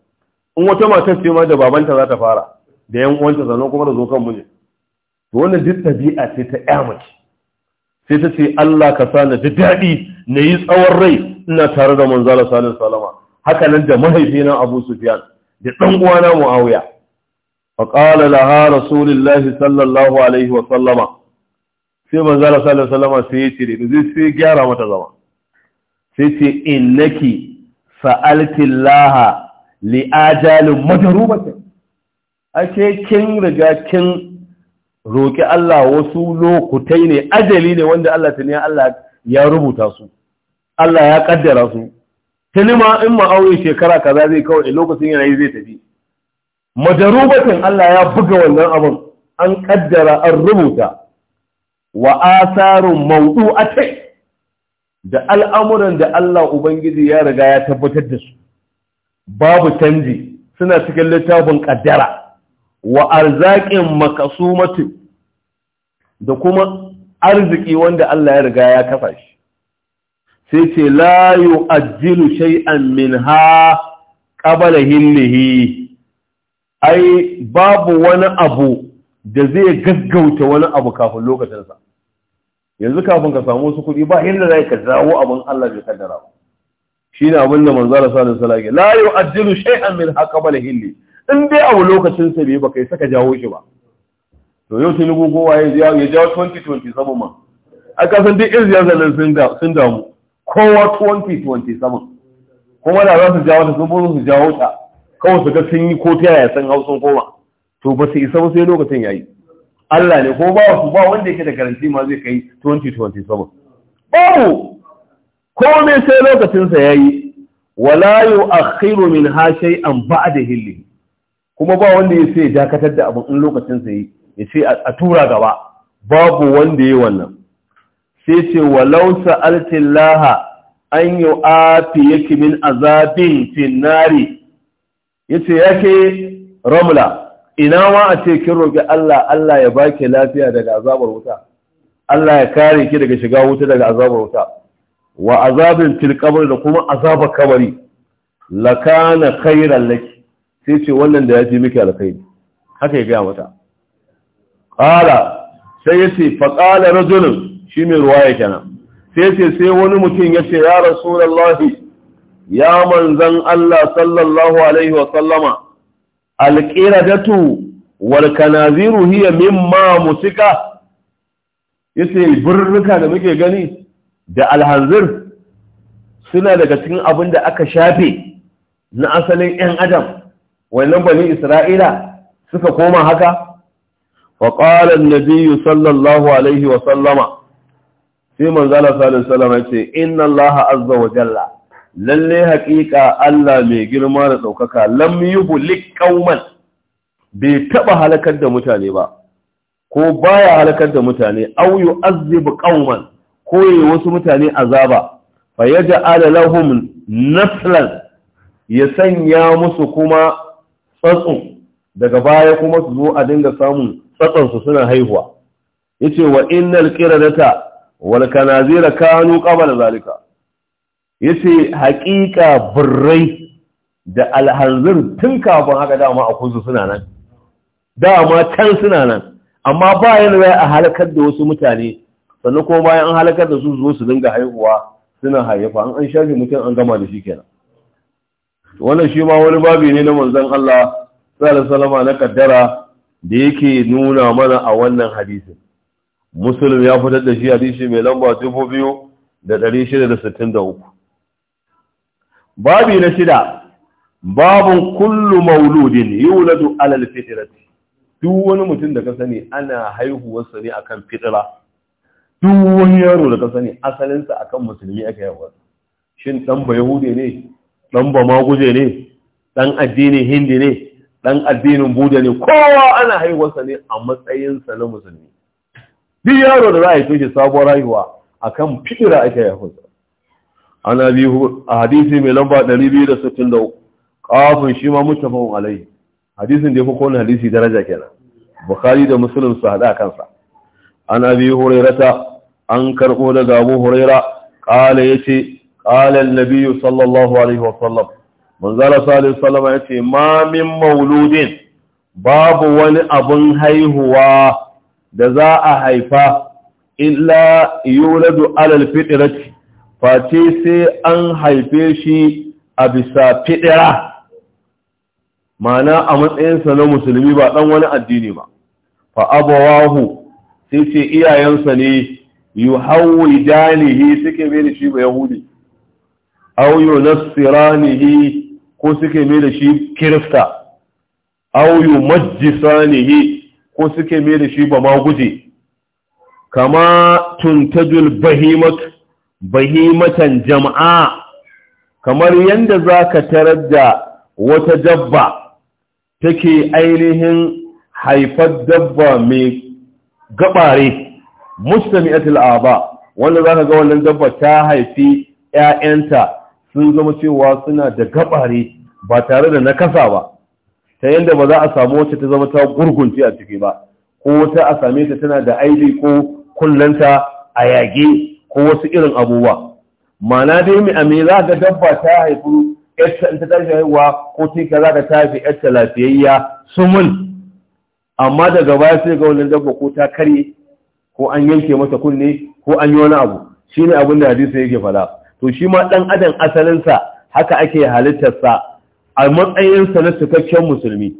in wata matar ce ma da babanta za ta fara da yan uwanta sannan kuma da zo kan muje to wannan duk tabi'a ce ta ƴamaki sai ta ce Allah ka sa na da daɗi na yi tsawon rai ina tare da manzala salisu salama haka nan da mahaifina Abu Sufyan da ɗan uwana Muawiya fa qala laha rasulullahi sallallahu alaihi wa sallama sai manzala sallallahu alaihi sai ya ce da sai gyara mata zama sai ce innaki sa'altillaha li'ajalin ajalin majarubatin ashe kin riga kin roƙi Allah wasu lokutai ne ajali ne wanda Allah Allah ya rubuta su Allah ya kaddara su tuni ma in shekara kaza zai kawai lokacin yanayi zai tafi majarubatin Allah ya buga wannan abin an kaddara an rubuta wa asarun mawdu'atai da al'amuran da Allah ubangiji ya riga ya tabbatar da su babu canji suna cikin littafin ƙaddara wa arzaƙin makasumatu da kuma arziki wanda Allah ya riga ya kafa shi sai ce la yu'ajjilu shay'an minha qabla hinnihi ai babu wani abu da zai gaggauta wani abu kafin lokacinsa yanzu kafin ka samu su kuɗi ba yadda zai ka dawo abin Allah bai kaddara ba shine abin da manzo salaki. sallallahu alaihi wasallam ajiyar shai'an shay'an min haqabal hilli in dai abu lokacin sa bai baka yi saka jawo shi ba to yau sun gugu wa ya jawo 2020 sabon ma a kasan duk irin yanzu nan sun damu kowa sabon. kuma da za su jawo ta sun bozo su jawo ta kawai su ga sun yi ko ta yaya san hausun koma to ba su isa ba sai lokacin yayi Allah ne ko ba su ba wanda yake da garanti ma zai kai 2027 babu komai sai lokacinsa ya yi wala yu akhiru min ha shay'an ba'da hilli kuma ba wanda ya sai dakatar da abin in ya yi ya ce a tura gaba babu wanda yi wannan sai ce walau sa'altillaha an afi yake min azabin finnari yace yake ramla ina ma a ce kin roƙi Allah Allah ya baki lafiya daga azabar wuta Allah ya kare ki daga shiga wuta daga azabar wuta wa azabin fil da kuma azaba kabari lakana khairan laki sai ce wannan da yafi miki alkhairi haka ya ga mata qala sai yace fa qala rajulun shi mai ruwaya kenan sai yace sai wani mutum yace ya rasulullahi ya manzan Allah sallallahu alaihi wa sallama alqiradatu wal kanaziru hiya mimma musika yace birrika da muke gani da alhanzir suna daga cikin abin da aka shafe na asalin 'yan adam wannan bani isra'ila suka koma haka faƙalar nabiyu sallallahu alaihi wa sallama sai manzala salin salama ce inna allaha azza wa jalla lalle haƙiƙa allah mai girma da ɗaukaka lam yi bulik ƙauman bai taɓa halakar da mutane ba ko baya halakar da mutane au yi azzibu ƙauman koye wasu mutane azaba fa yaj'ala lahum naslan ya sanya musu kuma tsatsu daga baya kuma su zo a dinga samun tsatsan su suna haihuwa yace wa innal qiradata wal kanazira kanu qabla zalika yace haƙiƙa burrai da alhanzir tun kafin haka dama a kuzu suna nan dama can suna nan amma ba yana a halakar da wasu mutane sannan kuma bayan an halakar da su zo su dinga haihuwa suna haifa an an shafi mutum an gama da shi kenan wannan shi ma wani babi ne na manzon Allah sallallahu alaihi na kaddara da yake nuna mana a wannan hadisin muslim ya fitar da shi hadisi mai lamba 2663 babi na shida babun kullu mauludin yuladu alal fitrati duk wani mutum da ka sani ana haihuwar haihuwarsa ne akan fitra duk wani yaro da ka sani asalinsa akan musulmi aka yawa shin dan ba yahude ne dan ba maguje ne dan addinin hindi ne dan addinin buda ne kowa ana haihuwarsa ne a matsayinsa na musulmi duk yaro da za a yi shi sabuwar haihuwa akan fitira aka yawa ana biyu a hadisi mai lamba 263 kafin shi ma mutafin alai hadisin da ya fi kowane hadisi daraja kenan bukhari da muslim su hada kansa ana biyu hurairata an karɓo daga abu huraira ƙala ya ce ƙalan nabiyu sallallahu alaihi wasallam manzara salisu salama ya ce ma min mauludin babu wani abin haihuwa da za a haifa illa yuladu alal fitirati face sai an haife shi a bisa fitira mana a matsayinsa na musulmi ba ɗan wani addini ba fa abawahu sai ce iyayensa ne yuhawidanihi suke mai da shi ba yahudi aw yunassiranihi ko suke mai da shi kirista aw yumajjisanihi ko suke mai da shi ba maguje kama tuntajul bahimat bahimatan jama'a kamar yanda zaka tarar da wata dabba take ainihin haifar dabba mai gabare mustami'atul aba wanda zaka ga wannan dabba ta haifi ƴaƴanta sun zama cewa suna da gabare ba tare da nakasa ba ta yanda ba za a samu wacce ta zama ta gurgunce a ciki ba ko wata a same ta tana da aibi ko kullanta a yage ko wasu irin abubuwa mana dai mai ame za ga dabba ta haifu yarta ta tashi haihuwa ko ka za ka ta haifi yarta lafiyayya sumul, amma daga baya sai ga wannan dabba ko ta karye ko an yanke masa kunne ko an yi wani abu shine abin da hadisi yake faɗa to shi ma dan adam asalinsa haka ake halittarsa a matsayinsa na cikakken musulmi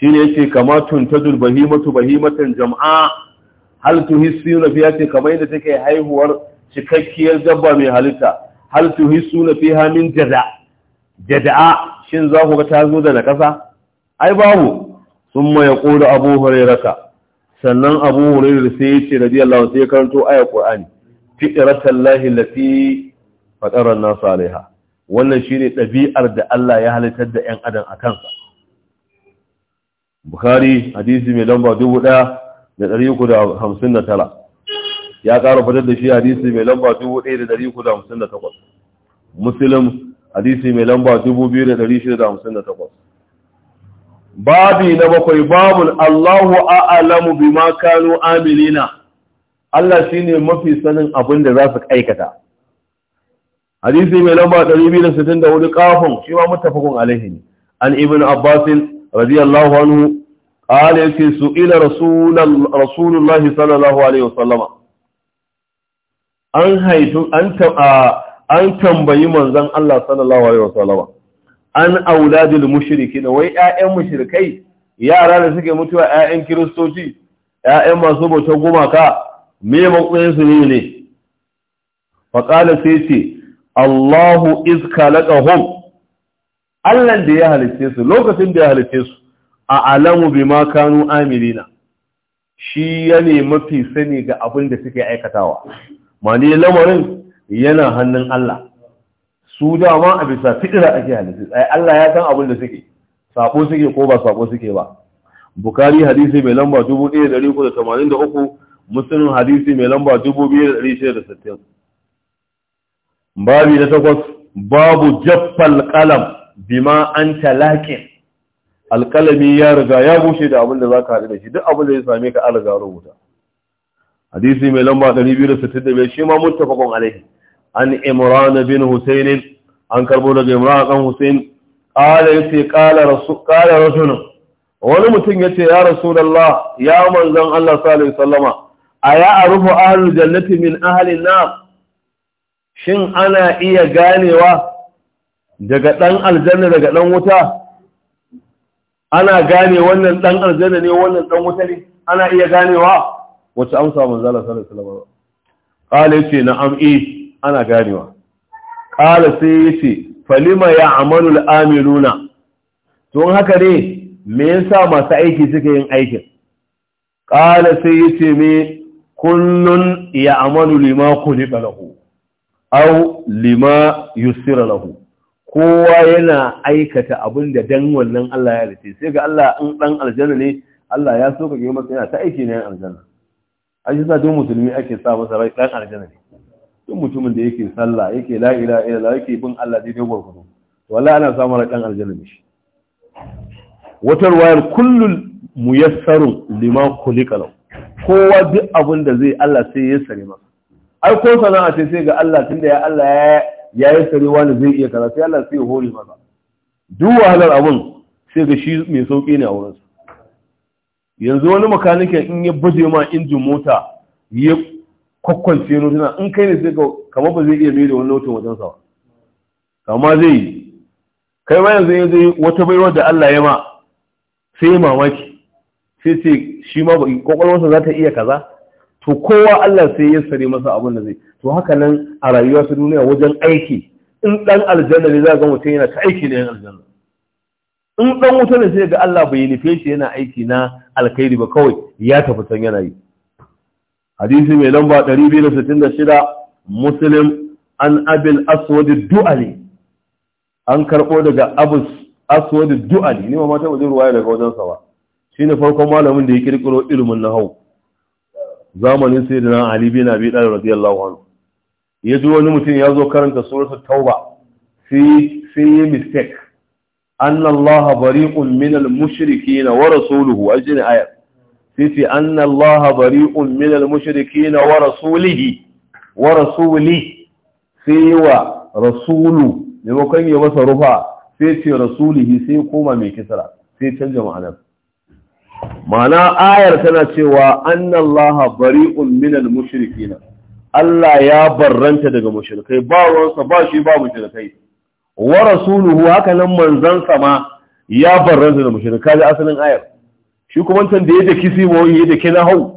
shine yace kama tuntadul bahimatu bahimatan jam'a hal tuhissuna fiha ce kamar yadda take haihuwar cikakkiyar dabba mai halitta hal tuhissuna fiha min jada jada shin za ku ga ta zo da ƙasa? ai babu summa yaqulu abu hurairata sannan abu hurairu sai ya ce radiyallahu sai ya karanto aya qur'ani fitratan lahi lati fatara an-nas alaiha wannan shine dabi'ar da Allah ya halittar da ƴan adam akan sa bukhari hadisi mai lamba 1359 ya ƙara fitar da shi hadisi mai lamba 1358 muslim hadisi mai lamba 2658 babi na bakwai babu Allahu a'lamu bima kanu amilina Allah shine mafi sanin abin da za su aikata hadisi mai lamba 264 kafin shi ma mutafakun alaihi an ibn abbas radiyallahu anhu qala yake su'ila rasulullah sallallahu alaihi wasallam an haitu an an tambayi manzon Allah sallallahu alaihi wasallam an auladul mushriki da wai ƴaƴan mushrikai yara da suke mutuwa ƴaƴan kiristoci ƴaƴan masu bautar gumaka me makoyin su ne ne fa qala sai ce Allahu iz khalaqahum Allah da ya halice su lokacin da ya halice su a alamu bima kanu amilina shi ya mafi sani ga abin da suke aikatawa mani lamarin yana hannun Allah su dama a bisa fitira ake halittu ai Allah ya san abin da suke sabo suke ko ba sabo suke ba bukari hadisi mai lamba 1383 muslim hadisi mai lamba 2660 babi na takwas babu jaffal qalam bima an talakin. Alkalami ya riga ya bushe da abin da za ka haɗu da shi duk abin da ya same ka alga rubuta hadisi mai lamba 265 shi ma muttafaqun alaihi an imran bin husayn an karbo daga imran dan husayn qala yace qala rasul qala rasul wani mutum yace ya rasulullah ya manzon Allah sallallahu alaihi wasallama aya arufu ahlul jannati min ahli nar shin ana iya ganewa daga dan aljanna daga dan wuta ana gane wannan dan aljanna ne wannan dan wuta ne ana iya ganewa wace amsa manzon Allah sallallahu alaihi wasallama qala yace na'am eh ana ganewa ƙala sai ya ce falima ya amalul amiluna tun haka ne me yasa masu aiki suka yin aikin ƙala sai ya ce me kullun ya amalu lima kulika lahu au lima yusira lahu kowa yana aikata abin da dan wannan Allah ya rufe sai ga Allah in dan aljanna ne Allah ya so ka masa yana ta aiki ne aljanna a yi sa duk musulmi ake sa masa rai dan aljanna ne duk mutumin da yake sallah yake la ila la yake bin Allah dai dai gurgudu wallahi ana samun rakan aljanna shi. wata ruwayar kullul muyassarun lima kulika lahu kowa duk abin da zai Allah sai ya sare masa ai ko sana'a ce sai ga Allah tunda ya Allah ya ya sare wani zai iya kaza sai Allah sai ya hori masa duk wahalar abun sai ga shi mai sauki ne a wurin yanzu wani makanikin in ya baje ma injin mota ya kwakwance notuna in kai ne sai kamar ba zai iya mai da wani notin wajen sa amma zai yi kai ma yanzu yi wata baiwar da Allah ya ma sai ya mamaki sai ce shi ma kwakwalwarsa za ta iya kaza to kowa Allah sai ya sare masa abin da zai to haka nan a rayuwa su duniya wajen aiki in dan aljanna ne za ga mutum yana ta aiki da yan aljanna in dan wuta ne sai ga Allah bai nufe shi yana aiki na alkhairi ba kawai ya tafi can yana yi hadisi mai lamba 266 muslim an abil aswad du'ali an karɓo daga abus aswad du'ali ne ma ta wajen ruwaya daga wajensa ba shine farkon malamin da ya kirkiro ilimin nahau zamanin sayyidina ali bin abi talib radiyallahu anhu yaji wani mutum ya zo karanta suratul tauba sai sai mistake anna allaha bari'un min wa rasuluhu ajin ayat sai ce anna Allah bari'un min al-mushrikin wa rasulihi wa rasuli sai wa rasulu ne makan ya masa rufa sai ce rasulihi sai koma mai kisra sai canja ma'anar ma'ana ayar tana cewa anna Allah bari'un min al-mushrikin Allah ya barranta daga mushrikai ba wansa ba shi ba mushrikai wa rasuluhu haka nan manzansa ma ya barranta da mushrikai da asalin ayar shi kuma wancan da ya ba wani ya kina Hau?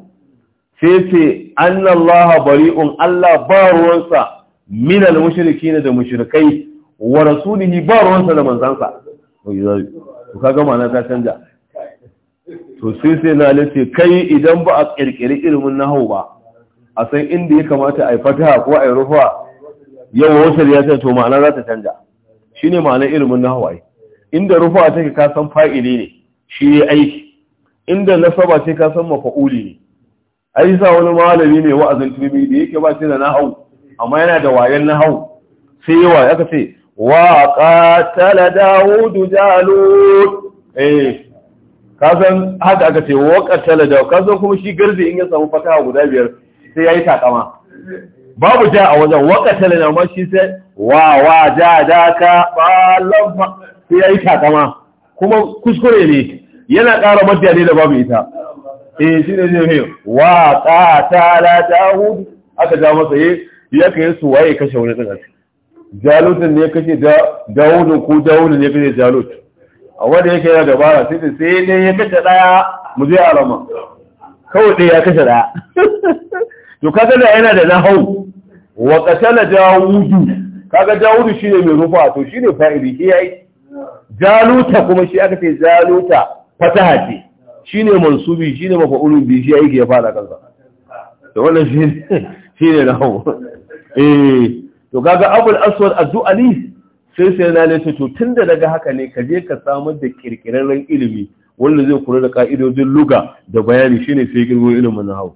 sai ce annallaha bari'un Allah ba ruwansa min al-mushrikin da mushrikai wa rasulihi ba ruwansa da manzansa to kaga ma'ana ta canja to sai sai na lace kai idan ba a kirkiri ilimin nahau ba a san inda ya kamata a yi fataha ko a yi rufa yau wasu ya ce to ma'ana za ta canja Shi ne ma'anar ilimin nahau ai inda rufa take ka san fa'ili ne shi ne aiki inda nasaba sai ka san mafa'uli ne ai sa wani malami ne wa'azin turmi da yake ba shi da nahau amma yana da wayan nahau sai yawa aka ce wa qatala daud jalut eh ka san haka aka ce wa qatala daud ka san kuma shi garzi in ya samu fatawa guda biyar sai yayi takama babu ja a wajen wa qatala na ma shi sai wa wa ja da ka ba lamma sai yayi takama kuma kuskure ne yana ƙara madda ne da babu ita eh shi ne zai wa ta hudu. aka ja masa yi ya kai su waye kashe wani din asiri jalutun ne kashe dawud ko dawud ne kashe jalut a wanda yake yana dabara sai sai ne ya kashe daya mu zai alama kawai dai ya kashe daya to kaga da yana da nahau wa qatala dawud kaga dawud shine mai rufa to shine fa'ili shi yayi jaluta kuma shi aka ce jaluta fataha ce shine mansubi shine mafa'ulun bi shi yake ya fara kansa to wannan shine shine nahu eh to kaga abul aswad addu'ali sai sai na lace to tunda daga haka ne ka je ka samar da kirkirarren ilimi wanda zai kula da ka'idojin luga da bayani shine sai girgo ilimin ce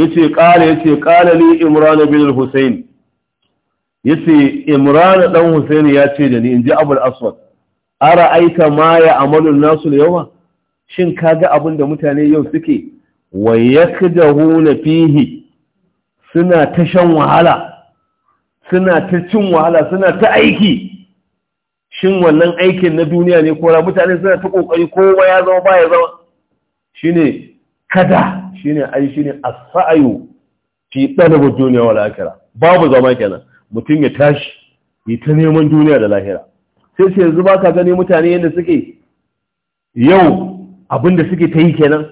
yace qala yace qala li imran bin al-husayn yace imran dan husayn ya ce da ni inji abul aswad ara aika ma ya amalu nasu da yawa shin ka ga abin da mutane yau suke da yakdahuna fihi suna ta shan wahala suna ta cin wahala suna ta aiki shin wannan aikin na duniya ne ko mutane suna ta kokari kowa ya zama baya zama shine kada shine ai shine as-sa'yu fi dalabi duniya wal akhirah babu zama kenan mutum ya tashi yi ta neman duniya da lahira sai su yanzu ba ka gani mutane yadda suke yau abinda suke ta yi kenan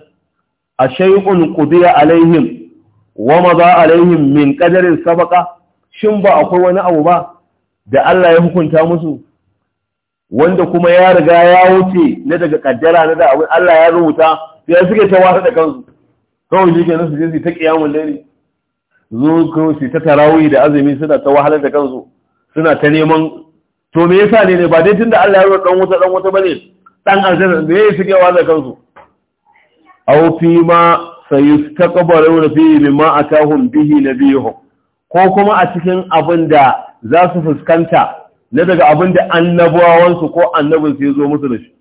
a shaikun kudiya alaihim wa a alaihim min ƙadarin sabaƙa? shin ba akwai wani abu ba da Allah ya hukunta musu wanda kuma ya riga ya wuce na daga kaddara na da abin Allah ya rubuta sai suke ta wasa da kansu kawai shi kenan su je ta kiyamun dare. zo kawai su ta tarawih da azumi suna ta wahalar da kansu suna ta neman to me yasa ne ne ba dai tunda Allah ya rubuta dan wuta dan wuta bane dan aljanna me yayi suke wa da kansu aw fi ma sayustaqbalu fi bima atahum bihi nabiyuhum ko kuma a cikin abin da za su fuskanta na daga abin da annabawansu ko annabin su ya zo musu da shi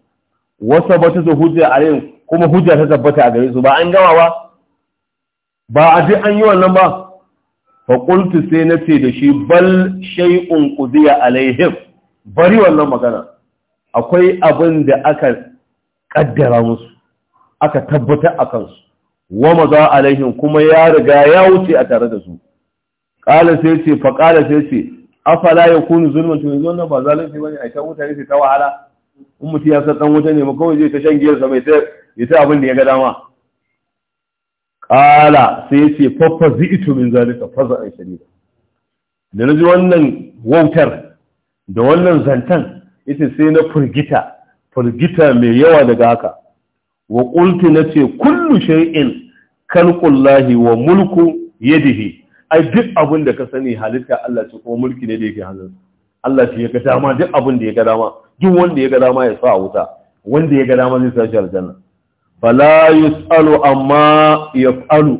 wasa ba ta hujja a yin kuma hujja ta tabbata a gare su ba an gama ba ba a ji an yi wannan ba fa qultu sai nace da shi bal shay'un qudiya alaihim bari wannan magana akwai abin da aka kaddara musu aka tabbata a kansu wa maza alaihim kuma ya riga ya wuce a tare da su Kala sai ce fa kala sai ce afala yakunu zulmun to yanzu wannan ba zalunci bane a ta mutane sai ta wahala in mutum ya san dan wuta ne ma kawai zai ta shan sa mai sai ya ta abin da ya ga dama Kala sai ce fa fazi'tu min zalika faza'a shadida da naji wannan wautar da wannan zantan ita sai na furgita furgita mai yawa daga haka wa na ce kullu shay'in khalqullahi wa mulku yadihi ai duk abin da ka sani halitta Allah ce ko mulki ne da yake hannun Allah ce ya ga dama duk abin da ya ga dama duk wanda ya ga dama ya sa wuta wanda ya ga dama zai sa shi aljanna bala yusalu amma yaf'alu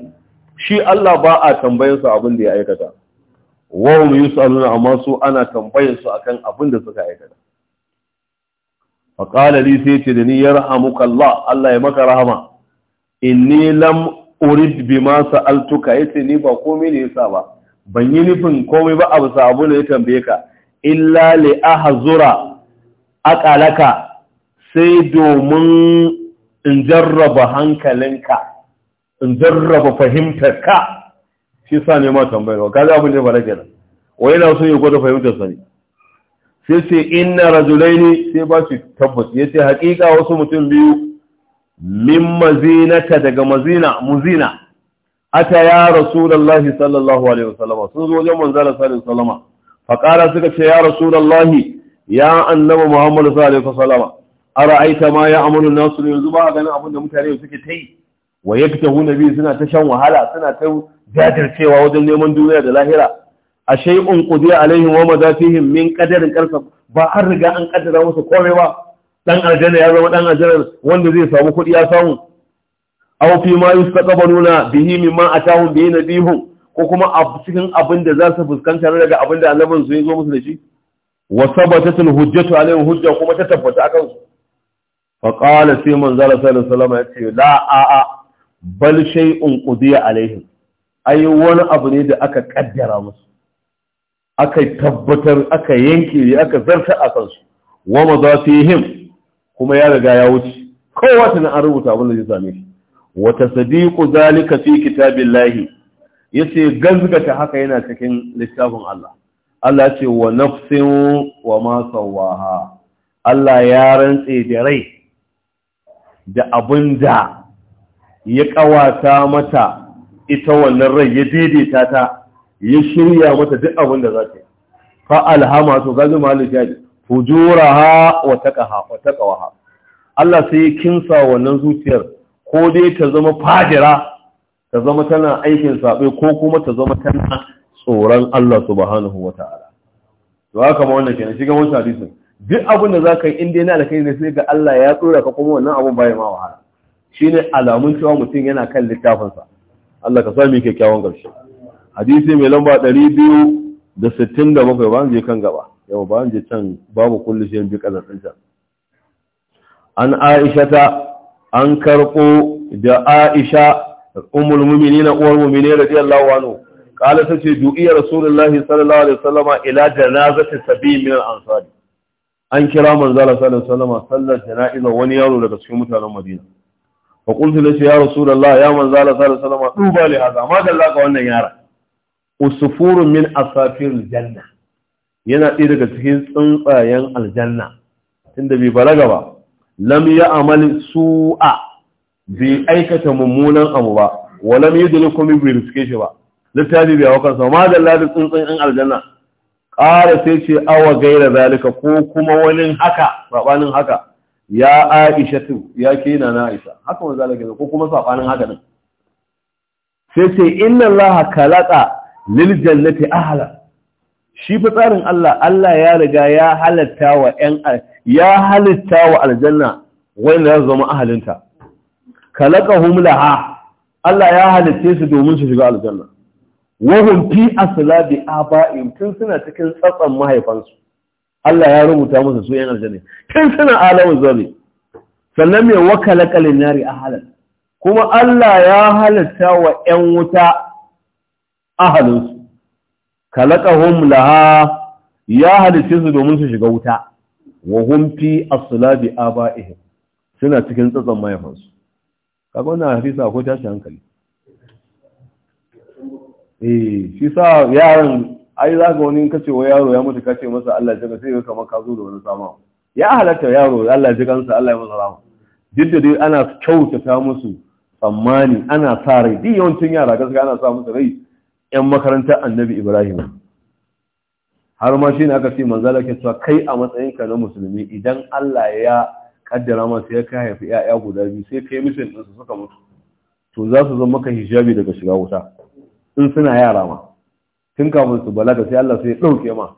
shi Allah ba a tambayarsa abin da ya aikata wa su yusaluna amma su ana tambayar su akan abin da suka aikata fa qala li sai ce da ni yarhamuka Allah Allah ya maka rahama inni lam urid bima sa'altuka yace ni ba komai ne yasa ba ban yi nufin komai ba abu sabu ne ya tambaye ka illa li ahzura aqalaka sai domin in jarraba hankalinka in jarraba fahimtarka shi sa ne ma tambayar ka za abin da fara kenan wai yana so ya gwada fahimtar sani sai sai inna rajulaini sai ba shi tabbas ce haƙiƙa wasu mutum biyu min mazinata daga mazina muzina ata ya rasulullahi sallallahu alaihi wasallam sun zo wajen manzo sallallahu alaihi wasallam fa qala suka ce ya rasulullahi ya annabi muhammad sallallahu alaihi Ara aita ma ya'malu an-nasu yanzu ba ganin abin da mutane suke ta yi wa na nabi suna ta shan wahala suna ta jajircewa wajen neman duniya da lahira a shay'un qudiya alaihim wa madatihim min qadarin karsa ba an riga an kaddara musu komai ba dan aljanna ya zama dan aljanna wanda zai samu kuɗi ya samu aw fi ma yustaqbaluna bihi mimma atahu bi nabihum ko kuma a cikin abin da za su fuskanta daga abin da annabin su yazo musu da shi wa sabatatul hujjatu alaihim hujja kuma ta tabbata akan su fa sai manzala sallallahu alaihi wasallam ya ce la a a bal shay'un qudiya alaihim ai wani abu ne da aka ƙaddara musu aka tabbatar aka yanke ne aka zarta a kansu wa mazafihim kuma ya riga ya wuce kowa na an rubuta abin da zai same shi wa tasdiqu zalika fi kitabillahi yace gazgata haka yana cikin littafin Allah Allah ce wa nafsin wa ma sawaha Allah ya rantse da rai da abinda ya ƙawata mata ita wannan rai ya daidaita ta ya shirya mata duk abin da za ta yi fa alhama to gazi malu jadi fujuraha wa taqaha wa taqawaha Allah sai ya kinsa wannan zuciyar ko dai ta zama fajira ta zama tana aikin sabe ko kuma ta zama tana tsoron Allah subhanahu wataala to haka ma wannan kenan shiga wannan hadisin duk abin da zaka yi in dai na alkai ne sai ga Allah ya tsora ka kuma wannan abun bai ma wahala ne alamun cewa mutum yana kan littafinsa Allah ka sami kyakkyawan ƙarshe hadisi mai lamba biyu da da sittin bakwai ba je kan gaba yau ba je can babu kullu shi bi kazan can an Aisha ta an karɓo da Aisha ummul mu'minin uwar mu'minin radiyallahu anhu قال تجي دوئي رسول الله صلى الله ila وسلم إلى جنازة سبيل من an kira manzala sallallahu alaihi wasallam sallar jana'iza wani yaro daga cikin mutanen Madina فقلت له يا ya الله ya من زال صلى الله عليه duba li hada ma dalla ka wannan yara usfurun min asafir janna yana ɗaya daga cikin tsuntsayen aljanna tunda bai balaga ba lam ya amali su'a bai aikata mummunan abu ba wa lam yudrikum bi shi ba littafi bai hawa kansa ma dalla da tsuntsayen aljanna ƙara sai ce awa gaira zalika ko kuma wani haka babanin haka ya aisha ya ke na na aisha haka manzo Allah ke ko kuma safanin haka nan sai ce inna Allah latsa lil jannati ahla shi fa tsarin Allah Allah ya riga ya halatta wa ƴan ya halitta wa aljanna wanda ya zama ahalinta khalaqahum laha Allah ya halitte su domin su shiga aljanna wahum fi aslabi aba'in tun suna cikin tsatsan mahaifansu Allah ya rubuta musu su yan aljanna Kin sana alamu zabi sannan mai wakala kalin nari a halar? kuma Allah ya halatta wa ‘yan wuta ahalinsu, kalakahum laha ya halitta su domin su shiga wuta, wa humfi asulabi aba ihe suna cikin tsatson mahaifansu. Kaga wannan hafisa ko tashi hankali. Eh, shi sa yaran ai za ga wani kace wa yaro ya mutu kace masa Allah ya sai ya kama ka da wani sama ya halatta yaro Allah ya sa Allah ya masa rahama duk da dai ana kyautata musu tsammani ana sa rai duk yawancin yara gaskiya ana sa musu rai yan makarantar Annabi Ibrahim har ma shi ne aka ce manzo Allah ke cewa kai a matsayinka na musulmi idan Allah ya kaddara ma sai ka haifi ƴaƴa guda biyu sai kai mission din su suka mutu to za su zama maka hijabi daga shiga wuta in suna yara ma tun kamun su balaga sai Allah sai ya ɗauke ma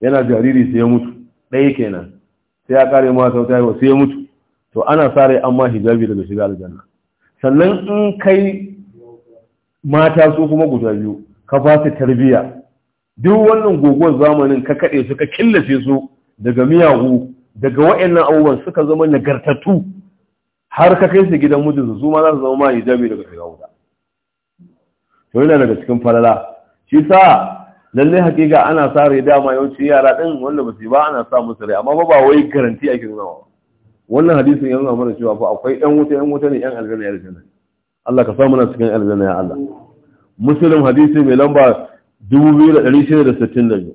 yana jariri sai ya mutu ɗaya kenan sai ya kare ma sau tayi sai ya mutu to ana sare ma hijabi daga shiga aljanna sannan in kai mata su kuma guda biyu ka ba su tarbiyya duk wannan gogon zamanin ka kaɗe su ka killace su daga miyagu daga wa'annan abubuwan suka zama nagartattu har ka kai su gidan mijinsu su ma za su zama ma hijabi daga shiga wuta to yana daga cikin falala shi sa lalle hakika ana sa rai dama yawanci yara din wanda ba su ba ana sa musu rai amma ba wai garanti ake nuna ba. wannan hadisin yana mana cewa fa akwai ɗan wuta ɗan wuta ne ɗan aljanna ya aljanna Allah ka sa mana cikin aljanna ya Allah muslim hadisi mai lamba 2662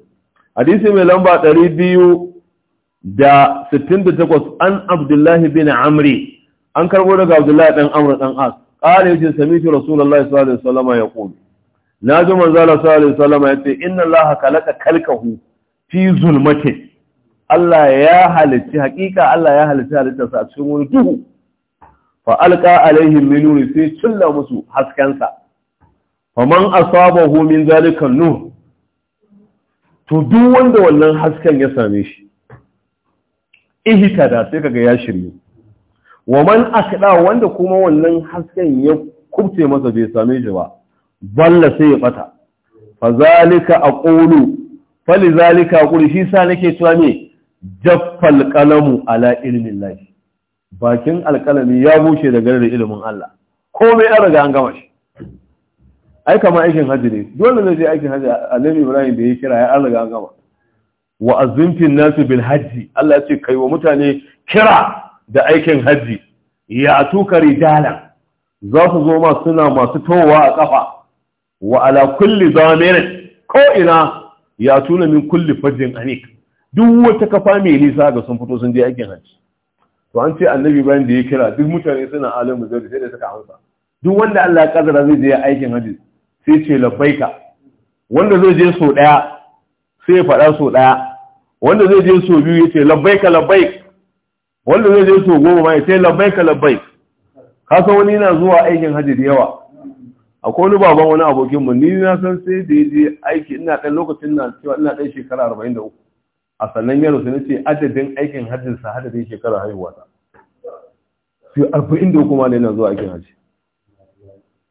hadisi mai lamba 268 an abdullahi bin amri an karbo daga abdullahi dan amr dan as قال يجي سميت رسول الله صلى الله عليه وسلم يقول na ji manzo Allah sallallahu alaihi wasallam ya ce inna Allah khalaqa kalkahu fi zulmati Allah ya halitta hakika Allah ya halitta halitta sa cikin wani duhu fa alqa alaihim min nuri sai cilla musu haskensa faman asabahu min zalika nur to duk wanda wannan hasken ya same shi ihtada sai kaga ya shirye wa man akda wanda kuma wannan hasken ya kubce masa bai same shi ba balla sai ya bata fa zalika aqulu fali zalika aqulu shi sa nake cewa ne jaffal qalamu ala ilmin bakin alqalami ya bushe da garin ilimin Allah komai an riga an gama shi ai kamar aikin hajji ne dole ne je aikin hajji annabi Ibrahim da ya kira ya an riga an gama wa azzimtin nasu bil hajji Allah ya ce kai wa mutane kira da aikin hajji ya tuka rijalan za su zo ma suna masu towa a kafa wa ala kulli zamirin ko ina ya tuna min kulli fajrin anik duk wata kafa mai nisa ga sun fito sun je aikin hajji to an ce annabi bayan da ya kira duk mutane suna da zai sai da suka amsa duk wanda Allah ya kaddara zai je aikin hajji sai ce labbaika wanda zai je so daya sai ya faɗa so daya wanda zai je so biyu ya ce labbaika labbaik wanda zai je so goma ma ya ce labbaika labbaik ka san wani yana zuwa aikin hajji da yawa akwai wani baban wani abokinmu ni na san sai da ya je aiki ina ɗan lokacin na cewa ina ɗan shekara arba'in da uku a sannan yaro sai ce adadin aikin hajjinsa adadin shekara haihuwa ta sai arba'in da uku ma ne na zuwa aikin hajji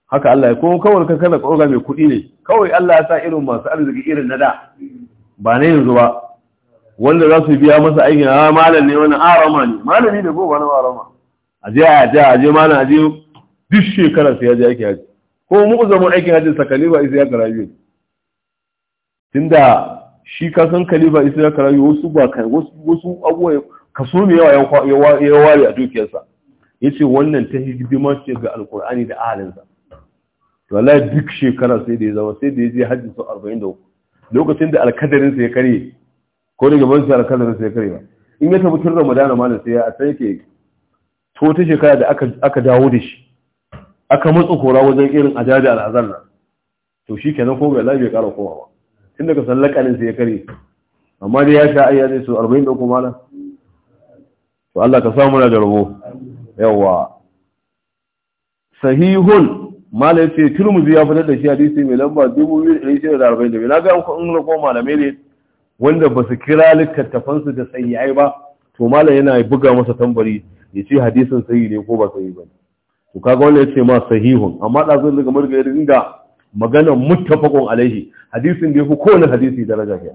haka Allah ya kuma kawai ka kana ƙoga mai kuɗi ne kawai Allah ya sa irin masu arziki irin na da ba na yanzu ba wanda za su biya masa aikin a ah, malam ne wani arama ah, ne malami da gobe na arama a je a je a je malam a je duk shekarar sai ya je aikin hajji ko zama aikin hajji sa kalifa isa ya karabi tunda shi ka san kalifa isa ya karayu wasu ba wasu wasu abuwa kaso mai yawa ya ware a dukiyarsa yace wannan ta hidima ce ga alkur'ani da ahalinsa to wallahi duk shekara sai da ya zama sai da ya je hajji sau 43 lokacin da alkadarin sa ya kare ko daga ban sa alkadarin sa ya kare ba in ya tabbatar da madana malam sai ya a sai yake to ta shekara da aka aka dawo da shi aka matsa kora wajen irin ajaji al'azar nan to shi kenan ko bai lafiya ƙara kowa ba tun daga sallakanin sai ya kare amma dai ya sha ayya su 40 da kuma nan to Allah ka samu na da rabo yawa sahihun malai ce turmuzi ya fitar da shi hadisi mai lamba 2640 na ga in rako malamai ne wanda ba su kira su da sayyai ba to malai yana buga masa tambari ya ce hadisin sayi ne ko ba sayi ba ne Ku kaga wannan yace ma sahihun amma da zan daga murga ya dinga maganar muttafaqun alaihi hadisin da yafi kowane hadisi daraja ke.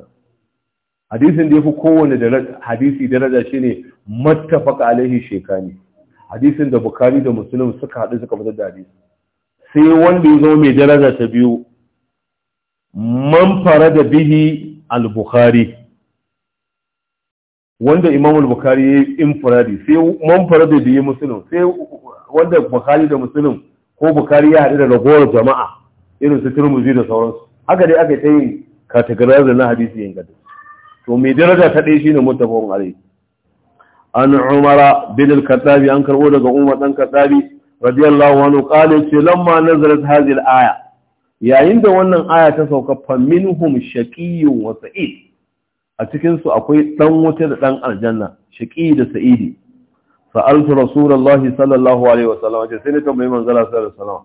hadisin da yafi kowane hadisi daraja shine muttafaq alaihi shekani hadisin da bukari da muslim suka hadu suka fitar da hadisi sai wanda ya zo mai daraja ta biyu man da bihi al-bukhari wanda imam al-bukhari ya yi infiradi sai man da bihi muslim sai wanda bukari da musulun ko bukari ya haɗu da ragowar jama'a irin su turmuzi da sauransu haka dai aka ta katakarar da na hadisi yin gado to mai daraja ta ɗaya ne muttafaqun alayhi an umara bin al an karɓo daga umar ɗan khattab radiyallahu anhu qala ce lamma nazalat hadhihi al-aya yayin da wannan aya ta sauka fa minhum shaqiyyun wa sa'id a cikinsu akwai ɗan wuta da ɗan aljanna shaqi da sa'idi sa'altu rasulullahi sallallahu alaihi wasallam ce sai na tambayi manzala sallallahu alaihi wasallam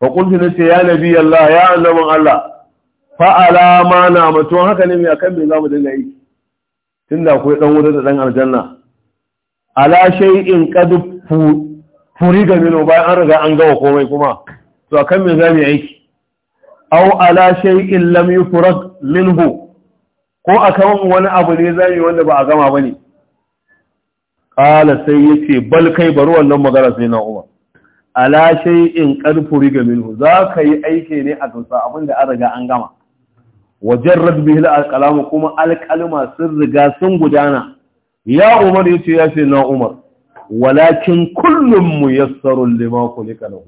fa qultu ce ya nabi Allah ya annabin Allah fa'ala ma na mutum haka ne mai akan za mu dinga yi tunda akwai ɗan wuta da ɗan aljanna ala kadu furi furiga mino bayan an riga an gawa komai kuma to akan za mu aiki aw ala in lam furak minhu ko a akan wani abu ne za yi wanda ba a gama ba ne? ƙala sai yace bal kai baro wannan magana sai na umar ala in ƙarfi riga minhu za ka yi aiki ne a kansa abinda an riga an gama Wajen rabbi hila qalam kuma al sun riga sun gudana ya umar yace ya ce na umar walakin kullum muyassarun lima kulika lahu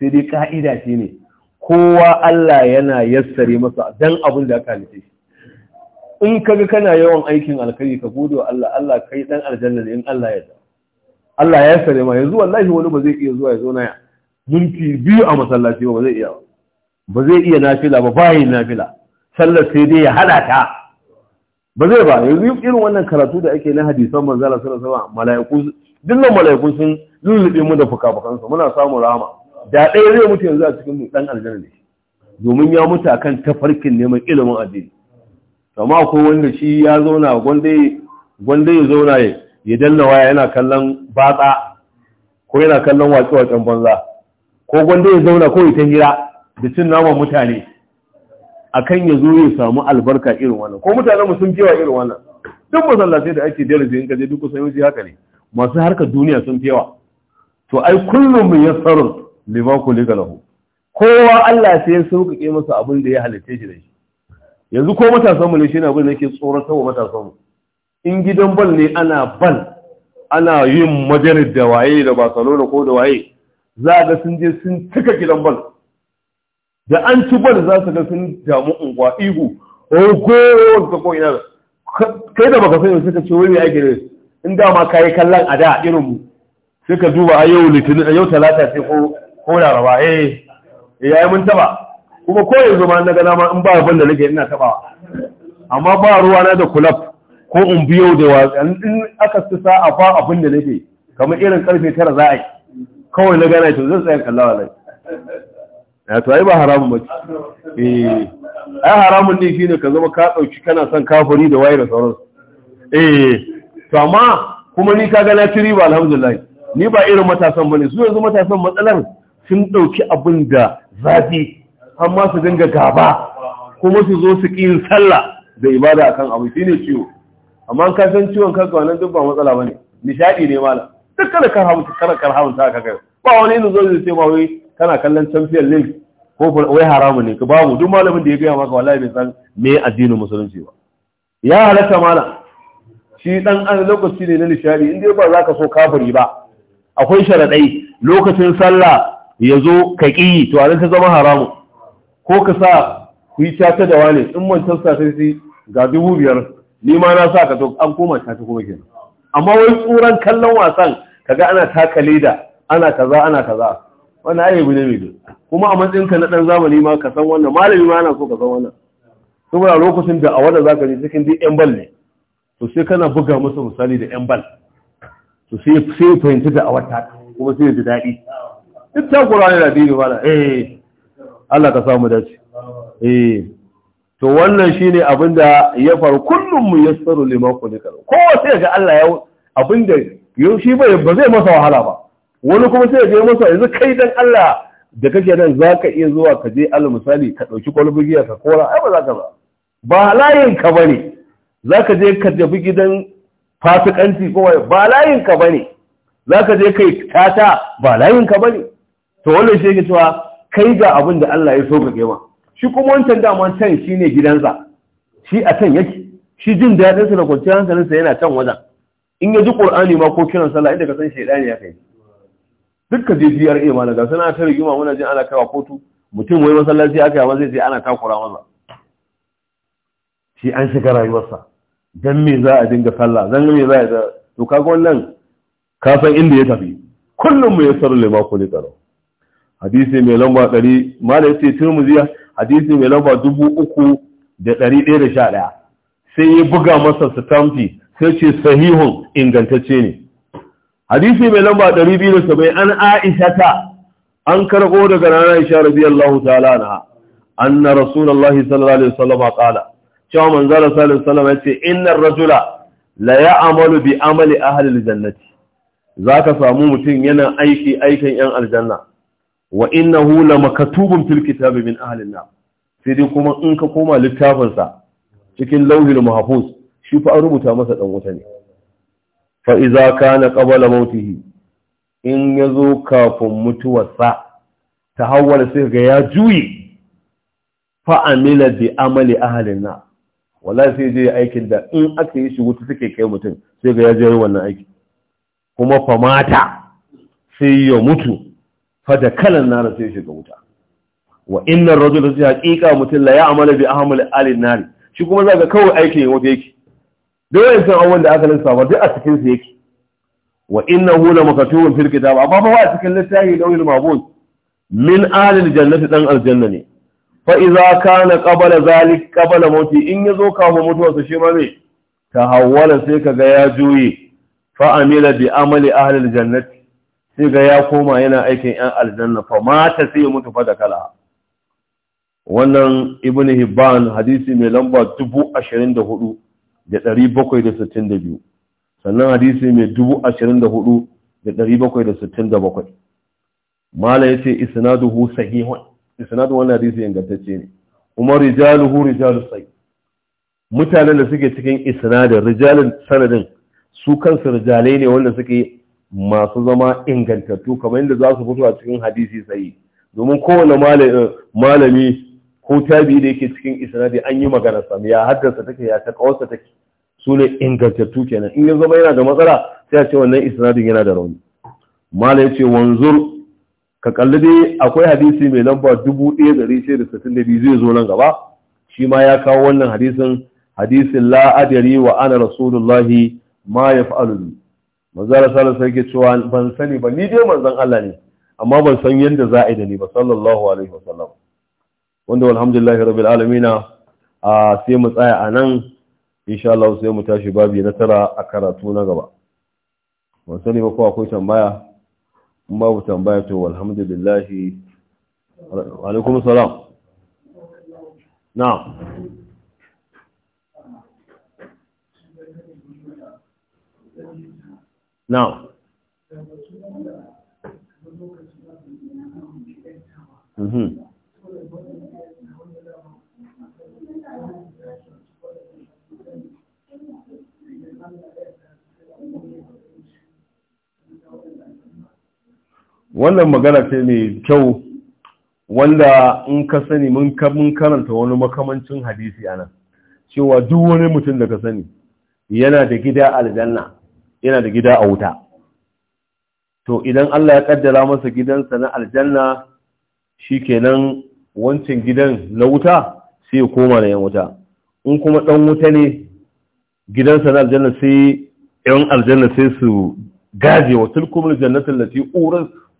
sai dai ka'ida shi ne. kowa Allah yana yassare masa dan abin da aka nufi in kaga kana yawan aikin alkhairi ka gode wa Allah Allah kai dan aljanna in Allah ya da Allah ya sare ma yanzu wallahi wani ba zai iya zuwa ya zo na minti biyu a masallaci ba zai iya ba zai iya nafila ba ba yi nafila sallar sai dai ya hada ta ba zai ba yanzu irin wannan karatu da ake na hadisan manzo Allah sallallahu alaihi wasallam mala'iku dillan mala'iku sun lullube mu da fuka su muna samun rama da ɗaya zai mutu yanzu a cikin mu dan aljanna ne domin ya mutu akan tafarkin neman ilimin addini kama ko wanda shi ya zauna gwanda ya zauna ya danna waya yana kallon batsa ko yana kallon wace-wacen banza ko gwanda ya zauna ko ita hira da cin naman mutane a kan ya zo ya samu albarka irin wannan ko mutane mu sun fiyawa irin wannan duk masallatai da ake darasi in kaje duk sai waje haka ne masu harkar duniya sun fiyawa to ai kullum mu yassarun liman kulika lahu kowa Allah sai ya sauƙaƙe masa abin da ya halitta shi da shi yanzu ko matasanmu ne shi na abin da tsoron tsoratar wa matasanmu in gidan bal ne ana bal ana yin majalis da waye da barcelona ko da waye za ga sun je sun cika gidan bal da an ci bal za su ga sun damu unguwa ihu ogo oh, ka ko ina kai da baka sani suka ce wani ake ne in dama ka yi kallon a da irin mu Suka duba a yau litinin a yau talata sai ko laraba eh yayi eh, mun taba kuma ko yanzu ma na gana ma in ba abin da nake ina tabawa amma ba ruwa na da kulab ko in biyo da wasan in aka ci a fa abin da nake kamar irin karfe tara za a yi kawai na gana to zan tsaya kallon wallahi ya to ai ba haramun ba eh ai haramun ne shine ka zama ka dauki kana son kafiri da waye da eh to amma kuma ni kaga na tiri riba alhamdulillah ni ba irin matasan bane su yanzu matasan matsalar sun dauki abin da zafi amma su dinga gaba kuma su zo su ƙi sallah da ibada akan abu Shi ne ciwo amma ka san ciwon kanka wannan duk ba matsala bane nishadi ne malam duk kada ka hamu kada ka hamu ta kaga ba wani ne zo zai ce ba wai kana kallon champion league ko wai haramu ne ka babu duk malamin da ya gaya maka wallahi bai san me addinin musulunci ba ya halatta malam shi dan an lokaci ne na nishadi inda ba za ka so kafiri ba akwai sharadai lokacin sallah ya zo ka ƙi to a ta zama haramu. ko ka sa ku yi caca da wane in wancan sa sai ga dubu biyar ni ma na sa ka to an koma caca kuma kenan amma wai tsoron kallon wasan kaga ana taka leda ana kaza ana kaza wannan ayyabi ne mai kuma a matsayin ka na dan zamani ma ka san wannan malami ma ana so ka san wannan saboda lokacin da a wanda zaka ji cikin duk yan bal ne to sai kana buga masa misali da yan bal to sai sai fahimci da awata kuma sai ya ji daɗi duk ta kurani da dini bala eh Allah ka samu dace eh to wannan shine abinda ya faru kullum mu yassaru liman kulika Ko sai ga Allah ya abinda yau shi bai ba zai masa wahala ba wani kuma sai ga masa yanzu kai dan Allah da kake nan zaka iya zuwa ka je al misali ka dauki kwalbigiya ka kora ai ba za ka ba ba layin ka bane zaka je ka tafi gidan fasikanci ko ba layin ka bane zaka je kai tata ba layin ka bane to wannan shi ke cewa kai ga abin da Allah ya kai ma shi kuma wancan daman can shi ne gidansa shi a can yake shi jin daɗinsa da kwanciyar hankalinsa yana can wajen in ya ji ƙur'ani ma ko kiran sallah inda ka san shaidani ya kai dukkan je a ma daga sana ta rigima muna jin ana kawa kotu mutum wai masallaci aka yawa zai sai ana takura masa shi an shiga rayuwarsa dan me za a dinga sallah dan me za a to kaga wannan ka san inda ya tafi kullum mu yassaru lima kulli qara hadisi mai lamba ɗari mala ya ce turmuziya hadisi mai lamba dubu uku da ɗari ɗaya da sha ɗaya sai ya buga masa sitamfi sai ce sahihun ingantacce ne hadisi mai lamba ɗari biyu da saba'i an aisha ta an karɓo daga rana aisha radiyallahu ta'ala na anna rasulullahi sallallahu alaihi wasallam qala cewa manzo sallallahu alaihi wasallam yace innar rajula la ya'malu bi amali ahli aljannati zaka samu mutum yana aiki aikin yan aljanna wa innahu lamakatubun fil kitabi min ahli na? sai dai kuma in ka koma littafinsa cikin lauhil mahfuz shi fa an rubuta masa dan wuta ne fa idza kana qabla mautihi in yazo kafin mutuwarsa tahawwala sai ga ya juyi fa amila bi amali ahli na. wallahi sai je aikin da in aka yi shi wuta suke kai mutum sai ga ya je wannan aiki kuma famata sai ya mutu fa da kalan nar sai shiga wuta wa innar rajula sai haqiqa mutum la ya'malu bi ahmal alin nar shi kuma zaka kawai aikin wuta yake duk wannan abubuwan da aka lissafa duk a cikin sa yake wa innahu la makatubun fil kitab amma fa a cikin littafi dawil mabud min alil jannati dan aljanna ne fa idza kana qabala zalik qabala mauti in yazo kawo mutuwarsa shi ma me tahawwala sai kaga ya juye fa amila bi amali ahli aljannati sai ga ya koma yana aikin ‘yan aljanna fa mata sai mutu fada kala wannan ibn hibban hadisi mai lamba dubu ashirin da hudu da dari bakwai da sittin da biyu sannan hadisi mai dubu ashirin da hudu da dari bakwai da sittin da bakwai mala ya ce isnaduhu sahihun isnadu wannan hadisi ingantacce ne kuma rijaluhu rijalu mutanen da suke cikin isnadin rijalin sanadin su kansu rijalai ne wanda suke masu zama ingantattu kamar yadda za su fito a cikin hadisi sai, domin kowane eh, malami ko tabi da yake cikin isnadi an yi magana sami ya haddasa take ya takawarsa take su ne ingantattu kenan in ya zama yana da matsala sai a ce wannan isnadin yana da rauni malai ce wanzur ka kalli dai akwai hadisi mai lamba 1662 zai zo nan gaba shi ma ya kawo wannan hadisin hadisin la adari wa ana rasulullahi ma yaf'alu manzara sallallahu alaihi wasallam cewa ban sani ba ni dai manzon Allah ne amma ban san yadda za a yi da ni ba sallallahu alaihi wasallam wanda alhamdulillah rabbil alamin a sai mu tsaya a nan insha Allah sai mu tashi babi na tara a karatu na gaba ban sani ba ko akwai tambaya in babu tambaya to alhamdulillah alaikum salam na'am -hmm. wannan magana ce mai kyau wanda in ka sani mun karanta wani makamancin hadisi a nan cewa duk wani mutum da ka sani yana da gida aljanna yana da gida a wuta to idan Allah ya kaddara masa gidansa na aljanna shi kenan wancan gidan na wuta sai ya koma na yan wuta in kuma ɗan wuta ne gidansa na aljanna sai yan aljanna sai su gaje wa tilkumul jannatin lati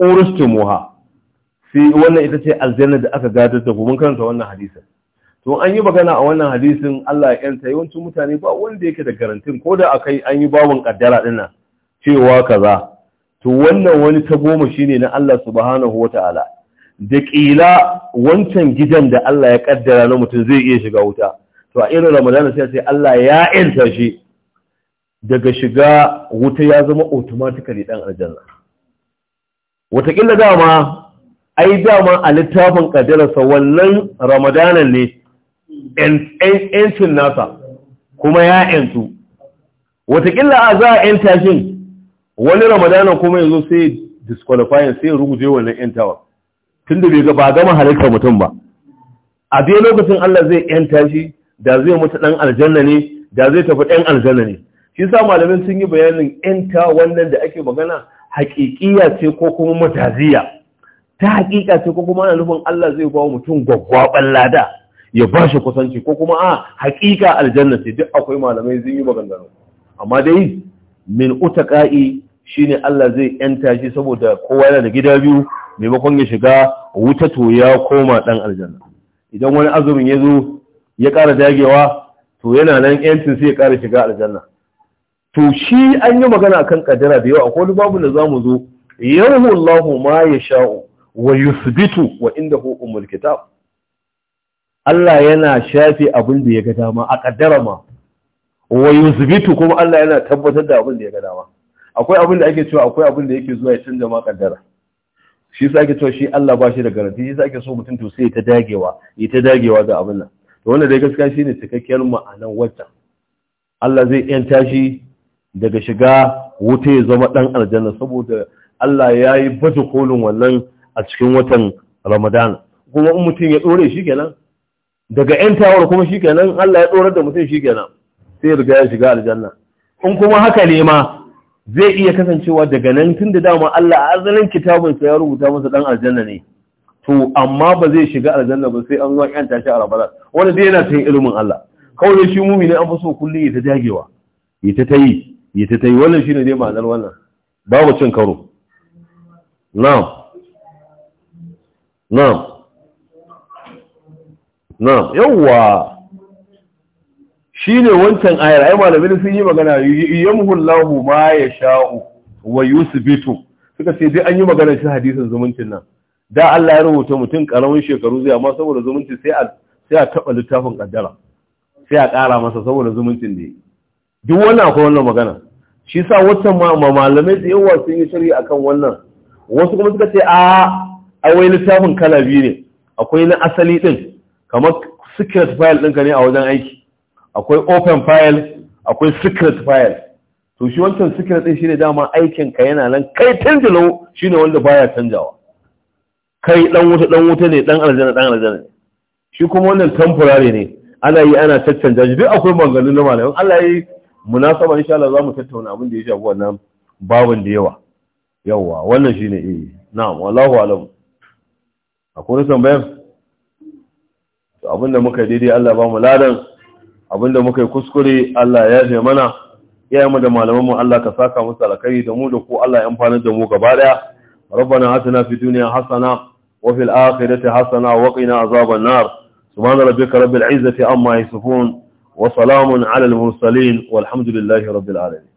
uristumuha sai wannan ita ce aljanna da aka gadar da kuma karanta wannan hadisar. to an yi magana a wannan hadisin Allah ya yanta yawancin mutane ba wanda yake da garantin ko da akai an yi babun kaddara dinnan cewa kaza to wannan wani ta goma shine na Allah subhanahu wataala da ƙila wancan gidan da Allah ya kaddara na mutum zai iya shiga wuta to a irin ramadana sai sai Allah ya yanta shi daga shiga wuta ya zama otomatikali dan aljanna wataƙila dama ai dama a littafin ƙaddararsa wannan Ramadana ne ‘yancin nasa kuma ya ‘yantu watakila a za a ‘yanta shi wani ramadana kuma yanzu sai disqualifying sai ruguje wannan ‘yantawa tun da bai ba gama halittar mutum ba a biyu lokacin Allah zai ‘yanta shi da zai mutu ɗan aljanna ne da zai tafi ɗan aljanna ne shi sa malamin sun yi bayanin ‘yanta wannan da ake magana haƙiƙiya ce ko kuma mataziya ta haƙiƙa ce ko kuma ana nufin Allah zai ba mutum gwaggwaɓar lada ya ba shi kusanci ko kuma a ah, hakika aljanna ce duk akwai malamai sun yi maganganu amma dai min utaqa'i shine Allah zai yanta shi saboda kowa yana da gida biyu maimakon ya shiga wuta to ya koma dan aljanna idan wani azumin ya zo ya ƙara dagewa to yana nan yancin sai ya ƙara shiga aljanna to shi an yi magana akan kadara da yawa akwai babu da zamu zo yarhu Allahu ma yasha wa yuthbitu wa indahu umul kitab Allah yana shafe abin da ya ga dama a kaddara ma wa yuzbitu kuma Allah yana tabbatar da abin da ya ga dama akwai abin da ake cewa akwai abin da yake zuwa ya canza ma kaddara shi yasa ake cewa shi Allah ba shi da garanti shi yasa ake so mutum to sai ta dagewa ya ta dagewa da abin nan to wannan dai gaskiya shine cikakkiyar ma'anar wata Allah zai yanta tashi daga shiga wuta ya zama dan aljanna saboda Allah ya yi baje kolin wannan a cikin watan Ramadan kuma in mutum ya dore shi kenan daga yan tawar kuma shi kenan Allah ya tsorar da mutum shi kenan sai riga ya shiga aljanna in kuma haka ne ma zai iya kasancewa daga nan tun da dama Allah a azalin kitabun ya rubuta masa dan aljanna ne to amma ba zai shiga aljanna ba sai an zo yan tashi a rabalar wanda zai yana cikin ilimin Allah kawai shi mumini an fi so kulli ya ta jagewa ya ta tayi ya ta tayi wannan shine dai ma'anar wannan babu cin karo na'am na'am na'am yawwa ne wancan ayar ai malamin sun yi magana yamhullahu ma ya sha'u wa yusbitu suka ce dai an yi magana shi hadisin zumuncin nan da Allah ya rubuta mutum karamin shekaru zai amma saboda zumunci sai a sai a taba littafin kaddara sai a ƙara masa saboda zumuncin da duk wannan akwai wannan magana shi sa wancan malamai da yawa sun yi shari'a akan wannan wasu kuma suka ce a a wai littafin kala biyu ne akwai na asali din kamar secret file ɗinka ne a wajen aiki akwai open file akwai secret file to shi wancan secret ɗin shine dama aikin ka yana nan kai tanjalo shine wanda baya canjawa kai dan wuta dan wuta ne dan aljanna dan aljanna ne shi kuma wannan temporary ne ana yi ana caccanja shi duk akwai maganganu na in Allah ya yi munasaba insha Allah za mu tattauna abin da ya shafi wannan babin da yawa yawa wannan shine eh na'am wallahu alam akwai tambayar to abinda muka daidai Allah ba mu ladan abinda muka yi kuskure Allah ya je mana iyayen da malaman mu Allah ka saka musu alkhairi da mu da ku Allah ya amfana da mu gaba daya ربنا آتنا في الدنيا حسنة وفي الآخرة حسنة وقنا عذاب النار سبحان ربك رب العزة عما يصفون وسلام على المرسلين والحمد لله رب العالمين